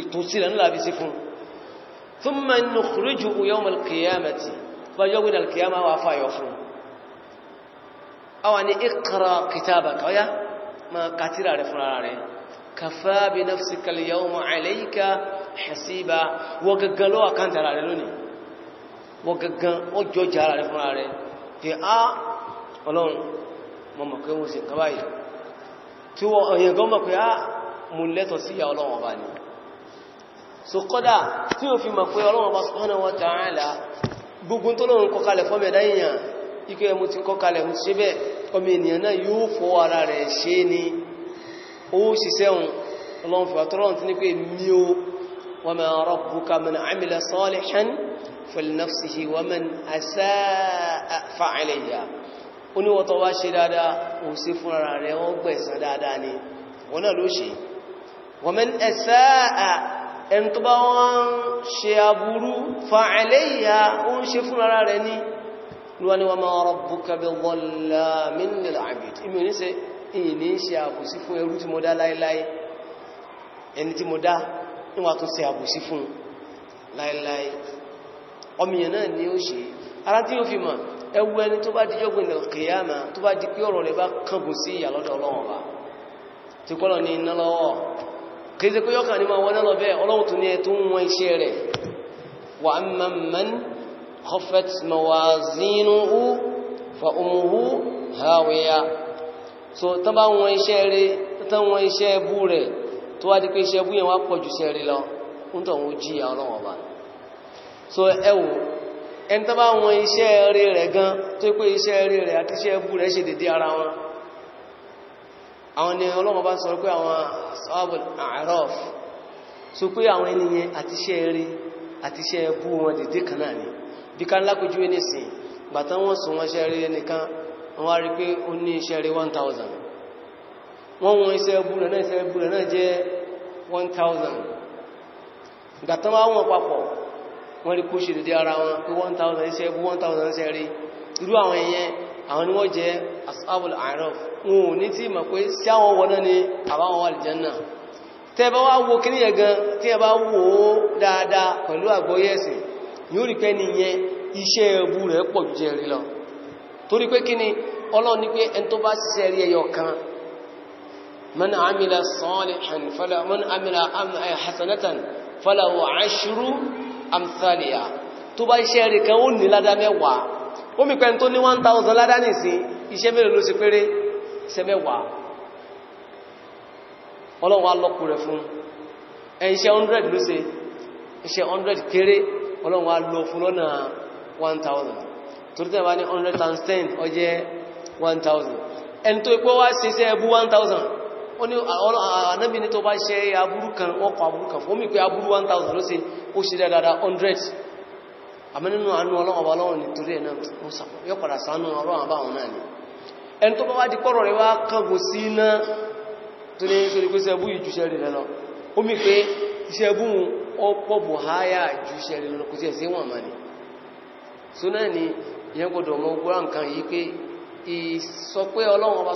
ìtòsílẹ̀ ńlá fi sí fún thumma nukhrijuhu yawm al-qiyamati bá yọ́gbé alkiyama wà fàyọ fún iqra kitabaka ọya ma katira rẹ̀ fún ara rẹ̀ kafa bi nafsika al alayka hasiba wọ́n gangan lọ́wọ́ àkáǹtì ara rẹ lónìí wọ́n gangan wọ́n jọjà ara rẹ fúnra rẹ pé á ọlọ́run mọ́ mọ̀ pé wọ́n sì kọ́ báyìí tí wọ́n èèyàn gan mọ̀ pé á mú lẹ́tọ̀ sí ìyá ọlọ́run ọba ni so kọ́dà tí o fi mọ̀ pé ọlọ́run ọba subhanahu wa ta'ala gbogbo tó lọ́run kọ kalẹ̀ fọ́mẹ̀ dáyìyàn ikú ẹmu ti kọ kalẹ̀ mú ṣe bẹ́ẹ̀ ọmọ ènìyàn náà yóò fọ́ ara rẹ̀ ṣe ni ó ṣiṣẹ́ òun ọlọ́run fìwà tọ́rọ̀ tí ní pé mi o وما ربك من عمل صالحا فلنفسه ومن أساء فعليها oni wọ́n tó wá ṣe dáadáa òun sí fún ara rẹ̀ wọ́n gbẹ̀san dáadáa ni wọ́n náà ló ṣe wọ́n mẹ́n ẹ̀sẹ́ à ẹni tó bá wọ́n ṣe aburú fa àlẹ́yà ó ń ṣe fún ara rẹ̀ ní lúwani wọ́n máa rabbuka bí wọ́lá mílíọ̀nà àbìt níwà tó ṣe àbòsí fún láíláí ọmọnìyàn náà ni ó ṣe ara tí ó fi mọ̀ ẹwu ẹni tó bá díjọ́ gbìnà kìyàmà tó bá di pé ọ̀rọ̀ rẹ̀ bá kàngùn sí ìyà lọ́dọ̀ ọlọ́wọ̀n bá ti tán bá wọ́n iṣẹ́ rẹ̀ tó wá di pé iṣẹ́ bú yẹn wá pọ̀ ju iṣẹ́ rí lọ ń tọ̀ wọ́n jíyà ọlọ́wọ́n ọba so ẹ wò ẹni tó bá wọn iṣẹ́ rí rẹ̀ gan tó pé iṣẹ́ rí rẹ̀ àti iṣẹ́ bú rẹ̀ ṣe dédé ara wọn àwọn ni ọlọ́wọ́n bá sọ pé àwọn ashabul a'raf so pé àwọn ènìyàn àti iṣẹ́ rí àti iṣẹ́ bú wọn dédé kan wọ́n wọn iṣẹ́ ẹbúrẹ̀ náà iṣẹ́ ẹbúrẹ̀ náà jẹ́ 1000 gàtán wá wọn papọ̀ wọ́n rí kóṣe dédé ara wọn pé 1000 iṣẹ́ ẹbú 1000 iṣẹ́ rí irú àwọn ẹ̀yẹn àwọn ni wọ́n jẹ́ ashabul a'raf wọn ò ní tí mọ̀ pé sí àwọn wọn náà ni àbáwọn wà aljanna tẹ́ bá wá wo kíní yẹn gan tí ẹ bá wò ó dáadáa pẹ̀lú àgbọ́yẹ̀sìn yóò rí pé nìyẹn iṣẹ́ ẹbú rẹ̀ pọ̀ jẹ́ rí lọ torí tó bá ṣiṣẹ́ rí ẹyọ kan من عمل صالحا فلا من عمل حسنة فله عشر أمثالها tó bá iṣẹ́ rẹ̀ kan ó ní ládá mẹ́wàá ó mi pẹ́ni tó ní 1000 ládá nìsín iṣẹ́ mẹ́rin ló sì péré iṣẹ́ mẹ́wàá ọlọ́run wá lọ́kù rẹ̀ fún ẹ iṣẹ́ 100 ló ṣe iṣẹ́ 100 kéré ọlọ́run wá lọ fún lọ́nà 1000 torí tẹ́ bá ní 100 times 10 ó jẹ́ 1000 ẹni tó ipò wá ṣiṣẹ́ ẹbú 1000 ó ní anábì ah, ah, ah, ní tó bá ṣe aburú kan wọ́n kọ aburú kan fún mi pé aburú 1000 ló ṣe ó ṣe dáadáa 100 àmì nínú àánú ọlọ́wọ́ bá lọ́wọ́ nítorí ẹ̀nà ó sàpọ̀ yóò padà sánú ọlọ́wọ́ bá wọn náà ni ẹni tó bá wá di kọ́rọ̀ rẹ̀ wá kángo mani so ni ìyẹn gbọdọ̀ mọ gbọ́ra nǹkan yìí pé ìsọ pé ọlọ́wọ́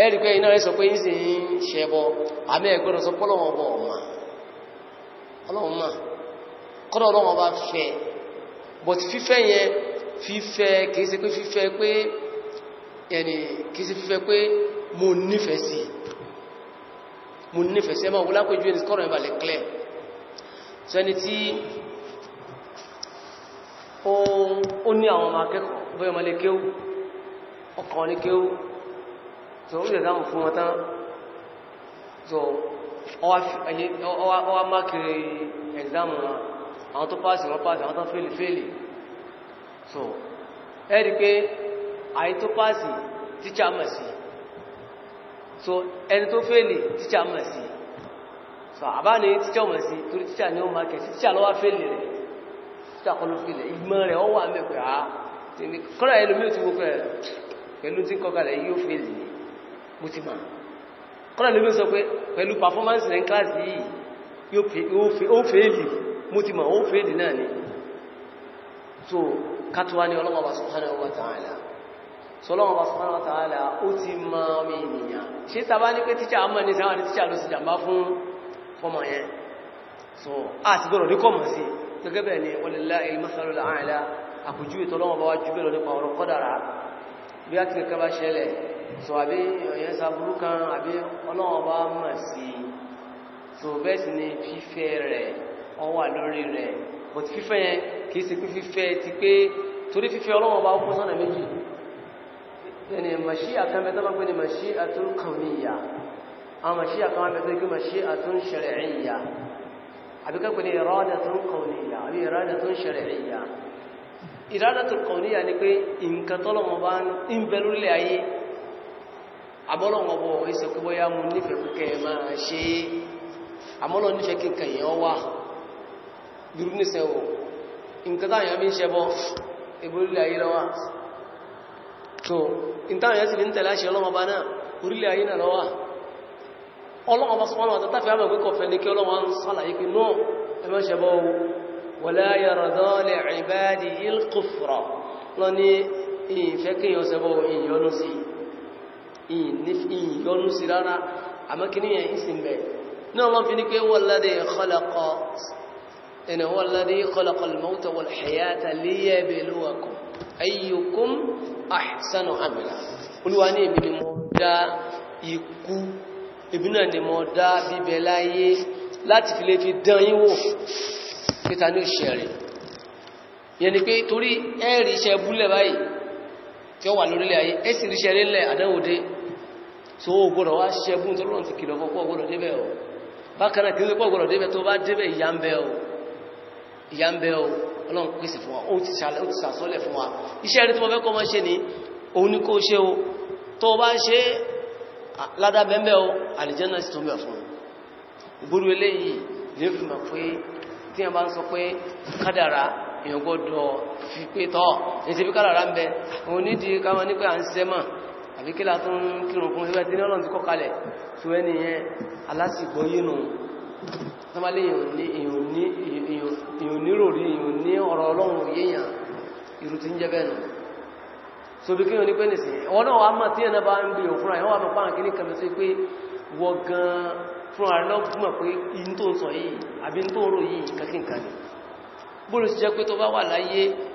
ẹ̀rí pé iná rẹ̀ sọ pé ìsìn ń ṣẹbọ àmì ẹ̀gbọ́n sọ pọ́lọ́wọ́ ọba but fífẹ́ yẹn fífẹ́ kìí ṣe pé fífẹ́ pé ẹni kìí ṣe fífẹ́ pé mo nífẹ̀ẹ́ sí mo nífẹ̀ẹ́ sí ẹ máa wọlé àpéjú ẹni so ẹni tí ó ní àwọn ọmọ akẹ́kọ̀ọ́ bóyá ọmọ ilé kéwú ọkọ̀ so ó lè dáhùn fún wọn tán so ọwá mákiri ẹ̀zámù wọn àwọn tó pàṣì wọn pàṣì àwọn tó fèlì fèlì so ẹ́rí pé àyí tó pàṣì tíṣà mọ̀ sí so ẹni tó fèlì tíṣà mọ̀ sí so àbá ní tíṣà mọ̀ sí torí tíṣà ní ó máa kẹ̀ sí tíṣà lọ́wọ́ fèlì rẹ̀ tíṣà kọ́ ló fèlì ìgbọ́n rẹ̀ ó wà mẹ́kọ̀ọ́ kọ́nà ẹlòmí ò ti wọ́pẹ̀ pẹ̀lú tí kọ́kàlẹ̀ yóò fèlì yìí mo ti mọ̀ kọ́nà ló sọ pé pẹ̀lú performance ní kíláàsì yìí ó fèèlì mo ti mọ̀ ó fèèlì náà ni so katuwa ni ọlọ́wọ́ bá subhanahu wa ta'ala sọlọ́wọ́ bá subhanahu wa ta'ala ó ti mọ̀ ọmọ ènìyàn ṣe tàbá ní pé tíṣà mọ́ ní sáwọn tíṣà ló sì jàmbá a ti gbọ́rọ̀ ní kọmọ̀ sí gẹ́gẹ́ bẹ̀ẹ̀ ni walillahil mathalul a'la àpòjúwe tọ́lọ́wọ́ bá wá jù bẹ́ẹ̀ lọ nípa ọ̀rọ̀ kọ́dàrà bí a ti kẹ́kẹ́ bá ṣẹlẹ̀ so àbí ọ̀yẹ́ sàbúrú kan àbí ọlọ́wọ́n bá mọ̀ sí so bẹ́ẹ̀ sì ni fífẹ́ rẹ̀ ó wà lórí rẹ̀ but fífẹ́ yẹn kìí sí pé fífẹ́ ti pé torí fífẹ́ ọlọ́wọ́n bá kú sọ́nà méjì ẹni màṣí àkànbẹ́tọ́ bá ni màṣí àtúnkànmíyà àwọn màṣí àkànbẹ́tọ́ pé màṣí ni ìrádàtún kànmíyà àbí ìrádàtún ṣẹ̀rẹ̀ẹ́yà ìrádàtún kànmíyà ni pé nǹkan tọ́lọ́wọ́n bá ń bẹ lórílẹ̀ ayé abọ́lọ́wọ́ bọ̀ ìṣẹ́ kó bọ́yá mú nífẹ̀ẹ́ kúkẹ́ máa ṣe é àmọ́lọ́ nífẹ̀ẹ́ kíkà èèyàn wà dúró níṣẹ́ o nǹkan táyàn bí ń ṣe bọ́ ìborílẹ̀ ayé lọ́wà so in táyàn sì ní tẹ̀lé àṣẹ ọlọ́mọba náà orílẹ̀ ayé náà lọ́wà ọlọ́mọba sọ́wọ́n àti táfẹ́ àmọ̀ pẹ́kọ̀ fẹ́ ní kí ọlọ́wọ́ ń sàlàyé pé náà ẹ sí i ìyọnú sí rárá àmọ́kíní yẹn ìsìn bẹ̀ náà wọ́n fi ní pé walladhi khalaqa ẹ̀nà walladhi khalaqa al-mawta wal-hayata liyabluwakum ayyukum ahsanu amala olúwa ní ibi ni mo dá ikú ibi náà ni mo dá bíbẹ̀ láyé láti fi lè fi dán yín wò títa ní ìṣẹ̀rẹ̀ yẹn ni pé torí tí ó wà lórílẹ̀ ayé ẹ̀sìn iṣẹ́ lélẹ̀ àdáwòdé so o gbọ́dọ̀ wá ṣẹ́gun tó lọ́n ti kìlọ̀ fọ́pọ́ gbọ́dọ̀ débẹ̀ o bákan náà kí ló pọ̀ gbọ́dọ̀ débẹ̀ tó bá débẹ̀ ìyá ń bẹ o ìyá ń bẹ o ọlọ́run pèsè fún wa ó ti sàsọ́lẹ̀ fún wa iṣẹ́ o tó bá ṣe ládàbẹ́ńbẹ́ o àlìjẹ́nà sì tó ń bẹ̀ fún un gbúrú eléyìí lè fi mọ̀ pé tí wọ́n bá ń sọ pé kádàrá èèyàn àbí kí látún kírùn fún ẹgbẹ́ tí lọ́nà ti kọ́ kalẹ̀ tó ẹni yẹn alásìgbọ́ yínú tọ́bálẹ̀ èyàn níròrí èyàn ní ọ̀rọ̀ ọlọ́run yíyàn irú ti ń jẹ́ bẹ́ẹ̀ nù so bí kíyàn ní pé nìsìn ọwọ́ náà wà mọ̀ tí ẹ̀nà bá ń bí òun fúnra ìwọ́n wà mọ̀ pàrán kí ní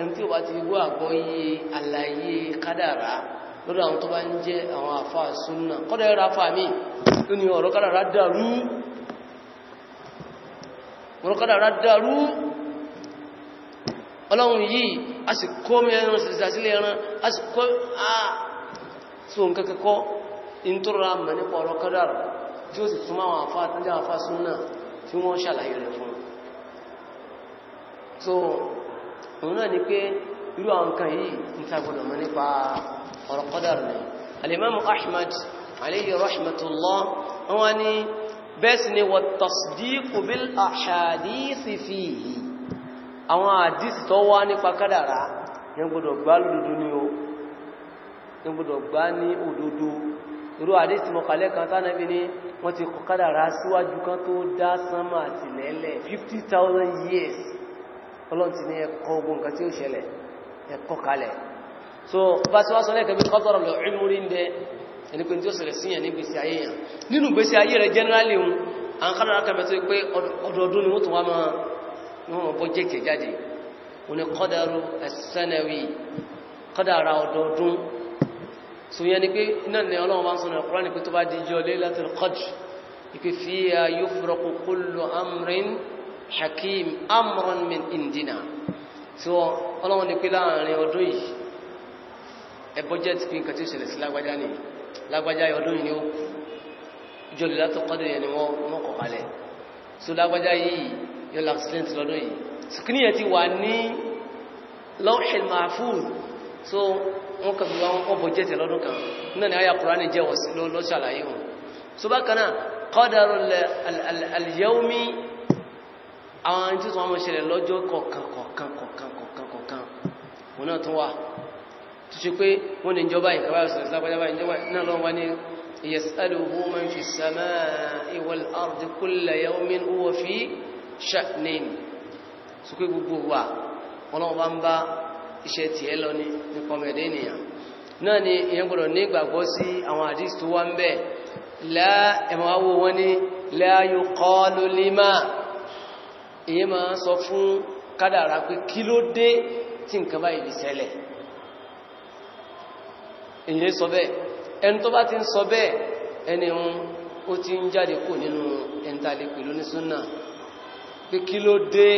ẹni tí ó bá ti wú àgbọ́yé àlàyé kádàrá lọ́dọ̀ àwọn tó bá ń jẹ́ àwọn àfà súnnà kọ́dọ̀ ẹ̀rọ afà mi tó ní ọ̀rọ̀ kádàrá dàrú ọ̀rọ̀ kádàrá dàrú ọlọ́run yìí a sì kó mẹ́rin a sì kó so n kẹ́kẹ́kọ́ in tó rọra mẹ́ nípa so òun náà ni pé irú àwọn nǹkan yìí ní tàbọ̀dọ̀ mọ́ nípa ọ̀rọ̀ kọ́dàrù ni alimamu ahmad alayhi rahmatullah wọ́n ni bẹ́ẹ̀ sì ni wọ́n tasdiqu bil ahadisi fihi àwọn àdísì tó wá nípa kádàrá yẹn ní o yẹn gbọdọ̀ gbá ní wọ́n ti kọ kádàrá síwájú kan tó dá sánmà àtìlẹ́lẹ̀ 50,000 years ọlọ́run ti ní ẹ̀kọ́ ogun nǹkan tí ó ṣẹlẹ̀ ẹ̀kọ́ kalẹ̀ so bá ti wá sọ lẹ́ẹ̀kẹ́ bí kọ́tọ̀rọ̀ lọ ìmúrí ń dẹ ẹni pé tí ó ṣẹlẹ̀ síyàn ní gbèsè ayé yàn nínú gbèsè ayé rẹ̀ generally ń àwọn kánà rákàmẹ́ tó pé ọdọọdún ni wọ́n tún wá máa ní wọ́n bọ́ jẹ́kẹ̀ jáde wọn kọ́dàrú ẹ̀sẹ́nẹ̀wì kọ́dàrà ọdọọdún so yẹn ni pé náà ni ọlọ́run bá ń sọnà ọkùnrin ni pé tó bá di jọ lé látìlú kọ́dù ìpè fi yufraqu kullu amrin hakim amran min indina so ọlọ́wọ́n ni pé láàrin ọdún yìí ẹ bọ́jẹ́tì pé nǹkan tí ó ṣẹlẹ̀ sí lágbájá ni lágbájá ọdún yìí ni ó ìjọ lè látọ̀ kọ́dọ̀ yẹn ni wọ́n mọ́kọ̀ kalẹ̀ so lágbájá yìí yóò lọ accident lọ́dún yìí sùkúnì yẹn ti wà ní lawhil mahfuz so wọ́n kàn fi wá wọ́n bọ́jẹ́tì lọ́dún kan náà ni àyà kúránì jẹ́ lọ́ṣàlàyé wọn so bákan náà qadarul al-yawmi àwọn tí wọ́n mọ̀ ṣẹlẹ̀ lọ́jọ́ kọ̀ọ̀kan kọ̀ọ̀kan kọ̀ọ̀kan kọ̀ọ̀kan kọ̀ọ̀kan wọn náà tún wà tó ṣe pé wọ́n ní ìjọba ìkàbá ìṣẹ̀lẹ̀ ìṣẹ̀lẹ̀ ìjọba ìjọba náà lọ́wọ́ wá ní yasaluhu man ọlọ́wọ́ bá ń bá iṣẹ́ tiẹ̀ lọ ní nípa ọmọ náà ni ìyẹn gbọ́dọ̀ ní ìgbàgbọ́ sí àwọn àdìs tó wá ń bẹ̀ lá ẹ̀mọ́ wá wo wọn ní èyí máa ń sọ fún kádàrá pé kí ló dé tí nǹkan báyìí fi ṣẹlẹ̀ èyí sọ bẹ́ẹ̀ ẹni tó bá ti ń sọ bẹ́ẹ̀ ẹni hun ó ti ń jáde kò nínú ẹntàlẹ̀ pẹ̀lú ní súnà pé kí ló dé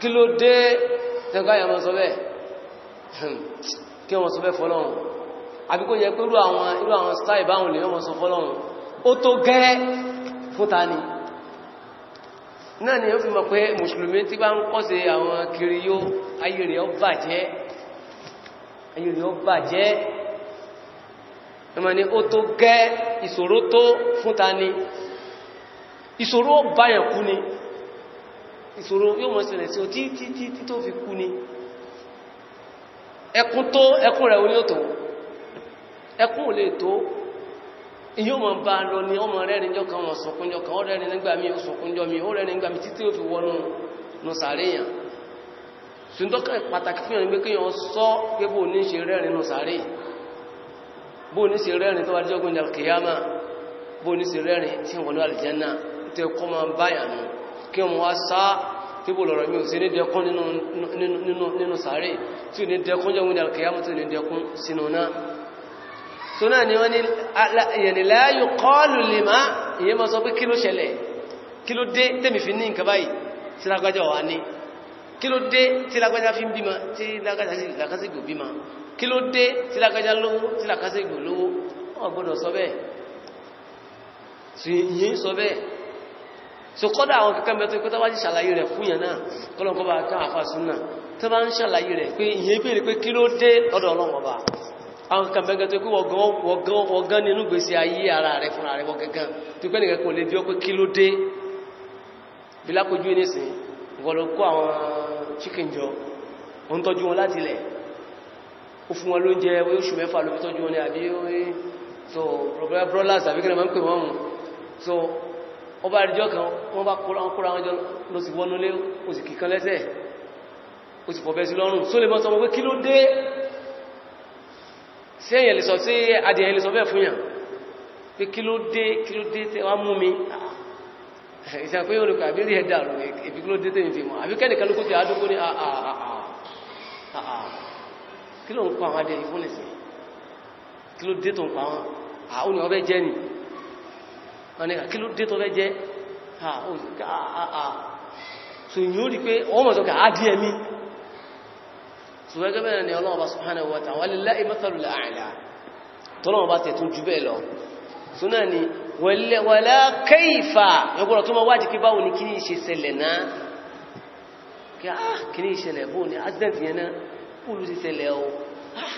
kí ló dé tẹ́gbà yà sọ bẹ́ẹ̀ hmm, kí wọ́n ni náà ni ó fi mọ̀ pé mùsùlùmí tí bá ń kọ́sẹ̀ àwọn kiri yóò ayé rẹ̀ ó bàjẹ́ ayé rẹ̀ ó bàjẹ́ ẹmọ ni ó tó gẹ́ ìṣòro tó fúnta ni ìṣòro ó báyàn kú ni ìṣòro yóò mọ̀ sílẹ̀ sí tí tí tí tí tó fi kú ni ẹkún tó ẹkún rẹ̀ ó ní ò tó ẹkún ò lè tó èyí ó mọ̀ bá lọ ní ọmọ rẹ̀rin jọ kan wọ́n sọkúnjọ kan ó rẹ̀rin nígbà mí ó sọkúnjọ mi ó rẹ̀rin nígbà mí títí ó fi wọnú nù sàárèyàn ṣùndọ́kẹ́ pàtàkì fíyàn ní pé kí wọ́n sọ pé bó ní ṣe rẹ̀rin nù alkiyama bó ní ṣe rẹ̀rin tí wọ́n alìjẹ́nà tẹ kọ́ máa báyàn nù kí wọ́n wá sá tí bó lọ̀rọ̀ mi ò sí ní dẹkún nínú sàárè alkiyama tí ò ní dẹkún sọ́nà ni wọ́n ni yẹ̀nìlá yóò kọ́ọ̀lù lè máa ìyẹ́ ma sọ pé kí ló ṣẹlẹ̀ kí ló dé tẹ́mì fi ní nǹkan báyìí tí lágbájá wà ní kí ló dé tí lágbájá fi ń bímọ tí lágbájá sí làkásígbò bímọ kí ló dé tí lágbájá lówó tí làkásígbò lówó wọ́n sọ bẹ́ẹ̀ tí yìí sọ bẹ́ẹ̀ so kọ́dà àwọn kankan mẹ́tọ́ àwọn kan bẹ́gẹ́ tó kí wọ́gán nínú gbèsè ayé ara rẹ̀ fúnra rẹ̀ wọ́gẹ́gán tó pẹ́ nìkan kò lè bí ọ pé kí ló dé bí lápójú nísìn wọ́lọ́ kó àwọn chicken jọ wọ́n tọ́jú wọn láti ilẹ̀ ó fún wọn lóúnjẹ oṣù mẹ́fà ló fi tọ́jú wọn ní àbí so robert brothers àbí kí ni wọ́n ń so wọ́n bá ríjọ́ kan wọ́n bá kóra wọn jọ lọ sí wọnú lé ó sì kíkan lẹ́sẹ̀ ó sí èyàn lè sọ sí adìyàn lè sọ bẹ́ẹ̀ fún yàn pé kí ló dé kí ló dé tẹ́ wá mú mi ah, ìṣàpé olùkọ́ àbí rí ẹ̀dà rò èbí kí ló dé tẹ́yìn fi mọ̀ àbí kẹ́nìkan ló kó ti àádógó ní àà ah, ah, kí ló ń ni wọ́n fẹ́ jẹ́ ni wọ́n ní kí ló dé tó fẹ́ jẹ́ àà so ìyóò rí ṣùgbẹ́gẹ́ bẹ́ẹ̀ ni ọlọ́run bá subhanahu wa ta'ala walillahi mathalul a'la tọ́lọ́run bá tẹ̀tún jù bẹ́ẹ̀ lọ súnà ni wala kayfa yọgbọ́n tó máa wájú kí báwo ni kí ní ṣe ṣẹlẹ̀ náà kí á ah, kí ní ṣẹlẹ̀ bó ni accident yẹn náà bóòlù ti ṣẹlẹ̀ ah, ah,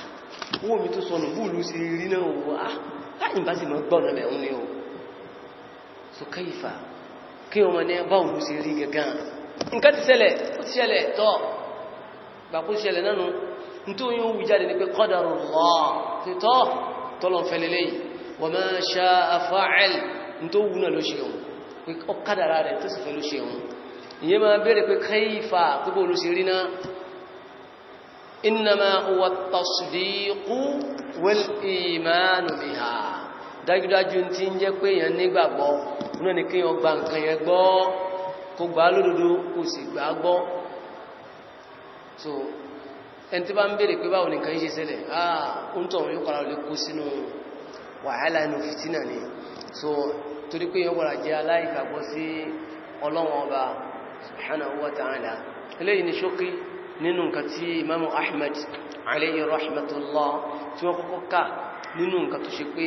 ní nǹkan ti ṣẹlẹ̀ ó ti ṣẹlẹ̀ tọ́ gbàkó ṣẹlẹ̀ nánu nítorí yóò wù jáde ní pé qadarullah títọ́ tọ́lọ̀ fẹ́lẹ́lẹ́ yìí wa ma sha'a fa'al nítorí wù náà ló ṣe òun pé ó kádàrá rẹ̀ tó sì fẹ́ ló ṣe òun ìyẹn máa bẹ̀rẹ̀ pé kayfa pé bó ló ṣe rí náà innama kó gbà á lódodo sì gbà gbọ́ so ẹni tí bá ń bèèrè pé báwo nìkan yíṣe ṣẹlẹ̀ ah ó ń tọ̀ wọn yóò kọ́ra lè kó sínú wàhálà inú fìtínà ni so torí pé yóò wọ́ra jẹ́ aláìkàgbọ́ sí ọlọ́wọ́n ọba subhanahu wa ta'ala eléyìí ni ṣókí nínú nǹkan ahmed alayhi rahmatullah tí wọ́n kọ́kọ́ ká nínú nǹkan tó ṣe pé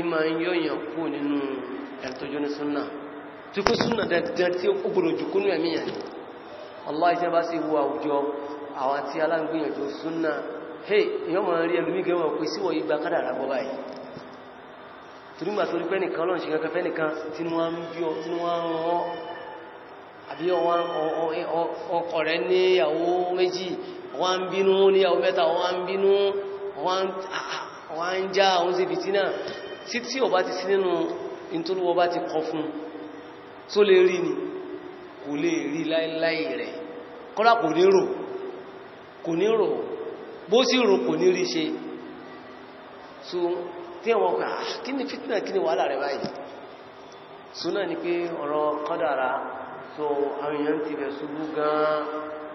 ìmọ̀ yóòyàn kú nínú ẹ̀tọ́jọ́ ní súnà tí kó súnà dandan tí ó gbọ́dọ̀ jù kúnnú ẹ̀mí yẹn allah ìṣẹ́ bá sì wú àwùjọ àwọn tí alágbìyànjú súnnà hey èyàn ma rí ẹlùmí gẹ́wọ̀n pé síwọ̀ ìgbà kádàrà bọ́ báyìí torígbà torí pé nìkan lọ́nà ṣìkan kẹfẹ́ nìkan tí wọ́n ń bí ọ tí wọ́n ń rán àbí ọkọ rẹ̀ ní ìyàwó méjì wọ́n ń bínú ní ìyàwó mẹ́ta wọ́n ń bínú wọ́n ń já òun sí fìtínà tí tí ọba ti sí nínú ìtòlúwọ́ bá ti kọ fún tó lè rí ni kò lè rí láíláí rẹ̀ kọ́lá kò ní rò kò ní rò bó sì rò kò ní rí ṣe so tí ẹ̀wọ̀n pé ah, kí ni fitna kí ni wàhálà rẹ̀ báyìí so náà ni pé ọ̀rọ̀ kádàrá so àwọn èèyàn ti bẹ̀ ṣubú gan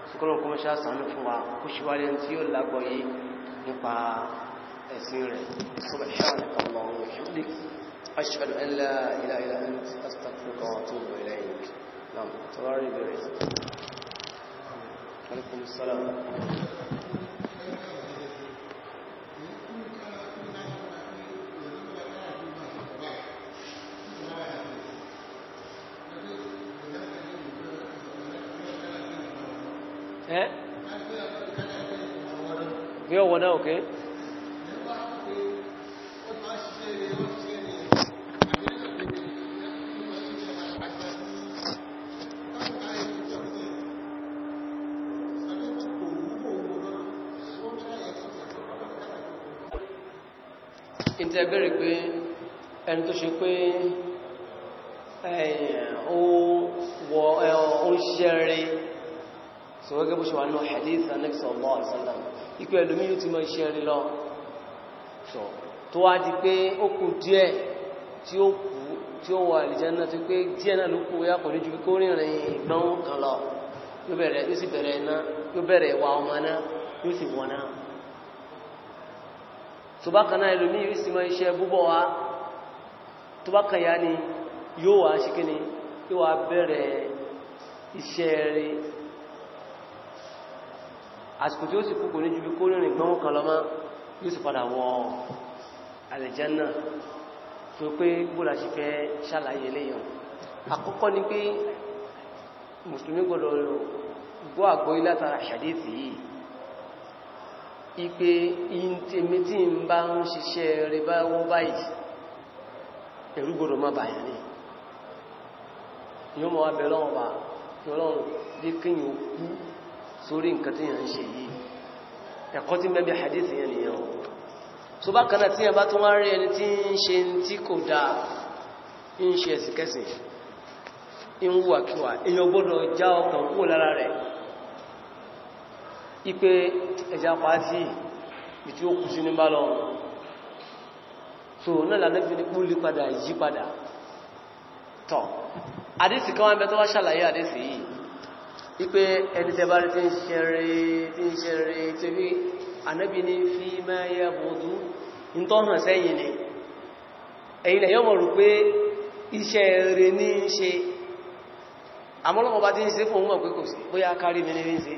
ṣùkọ́lọ̀ kọ́ mọ́ṣá sànú fún wa kó ṣe wálé tí yóò lágbọ́ yìí nípa ẹ̀sìn rẹ̀ subhanaka Allahumma wa bihamdik ashhadu nam tawari bẹ̀rẹ̀ عليكم السلام eh bí okay tẹ bẹ̀rẹ̀ pé ẹni tó ṣe pé eh, ó wọ eh, ó ṣiṣẹ́ rẹ̀ sọ gẹ́gẹ́ bó ṣe wà ní hadith anẹ́kì sallallahu alaihi wasallam ikú ẹlòmí yóò ti mọ iṣẹ́ rẹ̀ lọ sọ tó wá di pé ó kù díẹ̀ tí ó kù tí ó wà àlìjáná tó pé díẹ̀ náà ló kù ya ní ju kó rìnrìn ìgbọ́n kan lọ yóò tó bá kaná ẹlòmí yóò sì máa iṣẹ́ búbọ̀ wá tó bá kàyà ni yóò wá ṣe kíni yóò wá bẹ̀rẹ̀ iṣẹ́ rẹ̀ àsìkò tí ó sì kúkò ní jubi kó rìnrìn gbọ́n kan lọ́mọ́ yóò sì padà wọ àlìjánnà tó pé ipe ìntèmi tí ń bá ń ṣiṣẹ́ rẹ̀ bá wọ́n báyìí ẹ̀rù gbọ́dọ̀ má bàyàn ní yíò mọ̀ wá bẹ̀rẹ̀ ọ̀bà tí ọlọ́run dé kíyàn kú sórí nǹkan tí yàn ń ṣe yìí ẹ̀kọ́ tí mẹ́bí hadith yẹn nìyàn o tó bá kanáà tí yàn bá tó wá rí ẹni tí ń ṣe tí kò dáa ń ṣe ẹ̀sìnkẹ́sìn ń wùwàkíwà èèyàn gbọ́dọ̀ já ọkàn kúrò lára rẹ̀ Ipe ẹja pàtí ìtí ó kù sí ní bálọ̀ so náà lànàbí ní kú lè padà yí padà tọ́ àdísì kan wọ́n bẹ́ tó wá ṣàlàyé àdísì yìí ipé ẹni tẹ bá rí tí ń ṣe rí tí ń ṣe rí tí bí ànábì ní fi mẹ́yẹ bọ̀dú ń ni ẹ̀yìn lẹ̀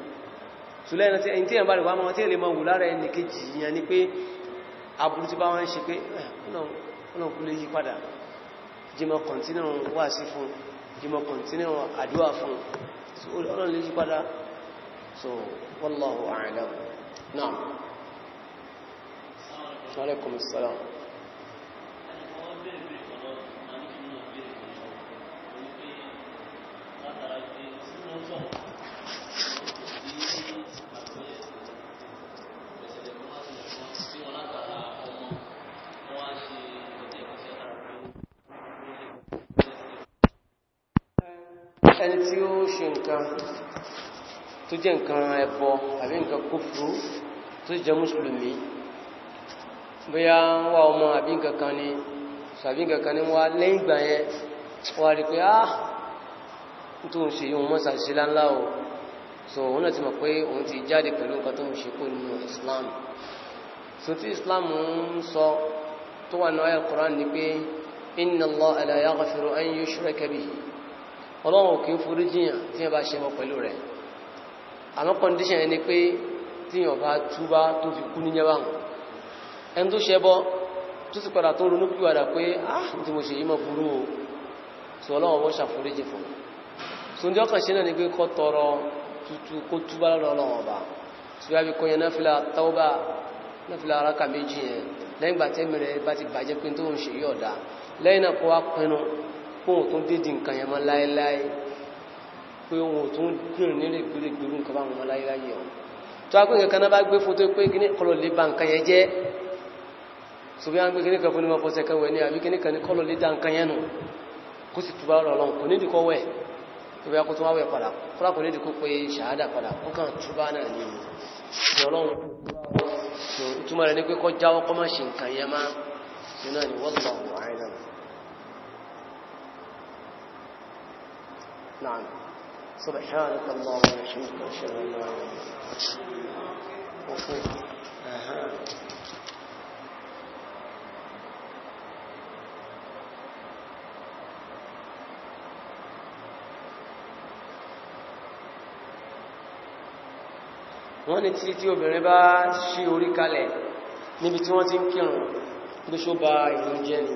so lẹ́yìn tí ẹni tí ẹ̀ bá rí wá máa tí ẹ̀ lè máa wù lára ẹni kejì yẹn ni pé aburú ti bá wọ́n ń ṣe pé eh, ọlọ́nkú lè yí padà jímọ̀ kọ̀ntínú wà sí fún jímọ̀ kọ̀ntínú àdúwà fún ọlọ́n lè yí padà so wallahu a'lam ẹni tí ó ṣe nǹkan tó jẹ́ nǹkan ẹbọ àbí nǹkan kófúrú tó jẹ́ mùsùlùmí bóyá ń wá ọmọ àbí nǹkan kan ni sàbí nǹkan kan ni wá lẹ́yìn ìgbà yẹn wá rí pé ah tó ń ṣe yíò mọ́sà ṣe láńlá o so òun náà ti mọ̀ pé òun ti jáde pẹ̀lú nǹkan tó ń ṣe kó nínú Islam so tí Islam ń sọ tó wà náà ayà Qur'an ni pé inna Allah la yaghfiru an ọlọ́run kì í forí jiyàn tí yẹn bá ṣe mọ́ pẹ̀lú rẹ̀ àmọ́ kọ́ndíṣàn yẹn ni pé tí yẹn bá túbá tó fi kú níyẹn báwọn ẹni tó ṣe bọ́ tó sì padà tó ronú pìwàdà pé ah tí mo ṣe yí mọ́ burú o sọ ọlọ́run wọ́n ṣàforíjì fún un sóńdí ọkàn ṣe náà ni pé kọ́ tọrọ tútù kó túbá lọ́dọ̀ ọlọ́run ọba ṣùgbọ́n àbí kọyẹn náfìlà tọ́wọ́bà náfìlà araka méjì fún òtún dédì nǹkan yẹn mọ́ láéláé pé ohun òtún dùn nílé gbérégbérú nǹkan bá wọn mọ́ láéláé ọ̀ tó a pé nǹkan náà bá gbé fótó pé kíní kọlọ̀ lè ba nǹkan yẹn jẹ́ sòbí à ń gbé kíní kan fún ní wọn fọṣẹ kan wẹ̀ ní àbí kíní kan ní kọlọ̀ lè da nǹkan yẹn nù kó sì tuba ọ̀rọ̀ ọ̀rọ̀ kò nídìí kọ́ wẹ̀ tóbi akó tó wá wẹ̀ padà kọ́lá kò nídìí kó pé ṣàhádà padà kó kàn tuba náà ní ìrọ̀lọ́run túmọ̀ rẹ̀ ní pé kọ́ jáwọ́ kọ́ má ṣe nǹkan yẹn má nínú àníwọ́sàn àwọn àìlànà نعم سبحانك اللهم وبحمدك اشهد ان لا اله الا انت wọ́n ní títí tí obìnrin bá ṣí orí kalẹ̀ níbi tí wọ́n ti ń kírun gbéṣó ba ìrìn jẹ́ ni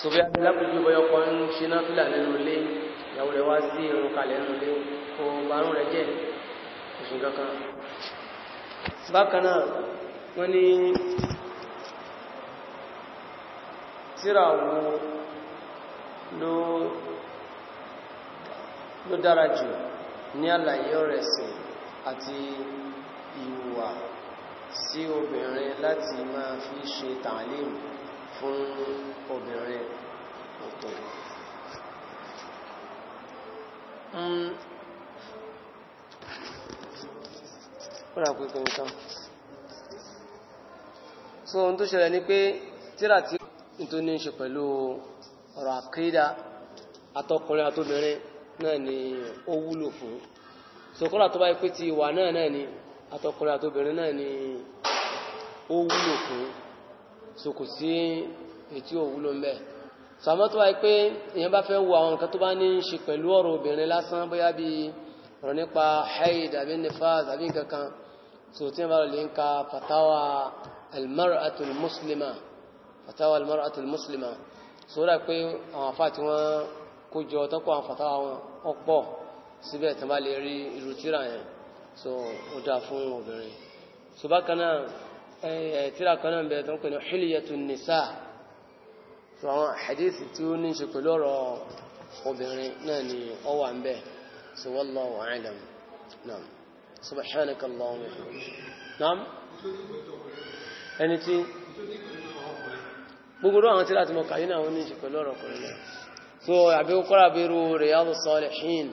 so bí a ti lápùpù ń ṣe náà fílà nínú ilé ìyàwó rẹ̀ wá sí irun kalẹ̀ nínú ilé kò bàrún rẹ̀ jẹ́ oṣù kankan bákan náà wọ́n ní tíra wo ló ló dára jù ní àlàyé ọ̀rẹ̀ ẹ̀sìn àti ìwà sí obìnrin láti máa fi ṣe tààlìm fún obìnrin ọ̀tọ̀ ń um, kúrò pé kò tán so ohun tó ṣẹlẹ̀ ni pé tíra tí tó ní ṣe pẹ̀lú ọ̀rọ̀ àkídà àtọkùnrin àtobìnrin náà ni ó wúlò fún so kọ́lá tó bá yẹ pé ti ìwà náà náà ni àtọkùnrin àtobìnrin náà ni ó wúlò fún so kò sí ètí ò wúlò ń sàmọ́ tó wáyé pé èyàn bá fẹ́ wo àwọn nǹkan tó bá ní ṣe pẹ̀lú ọ̀rọ̀ obìnrin lásán bóyá bí ọ̀rọ̀ nípa haid àbí nifas àbí nǹkankan so tí wọ́n bá lè ń ka fatawa almar'atul muslima fatawa almar'atul muslima so rà pé àwọn afá tí wọ́n kójọ tọ́kọ̀ àwọn fatawa wọn ọ̀pọ̀ síbẹ̀ tí wọ́n bá lè rí irú tíra yẹn so ó dá fún obìnrin so bákan náà tíra kan náà bẹ̀rẹ̀ tó ń pè ní hilyatun nisa' so àwọn hadithi tí ó ní ṣe pẹ̀lú ọ̀rọ̀ obìnrin náà ni ó wà ń bẹ̀ so wallahu a'lam naam subhanaka allahumma naam ẹni tí gbogbo àwọn tí láti mọ̀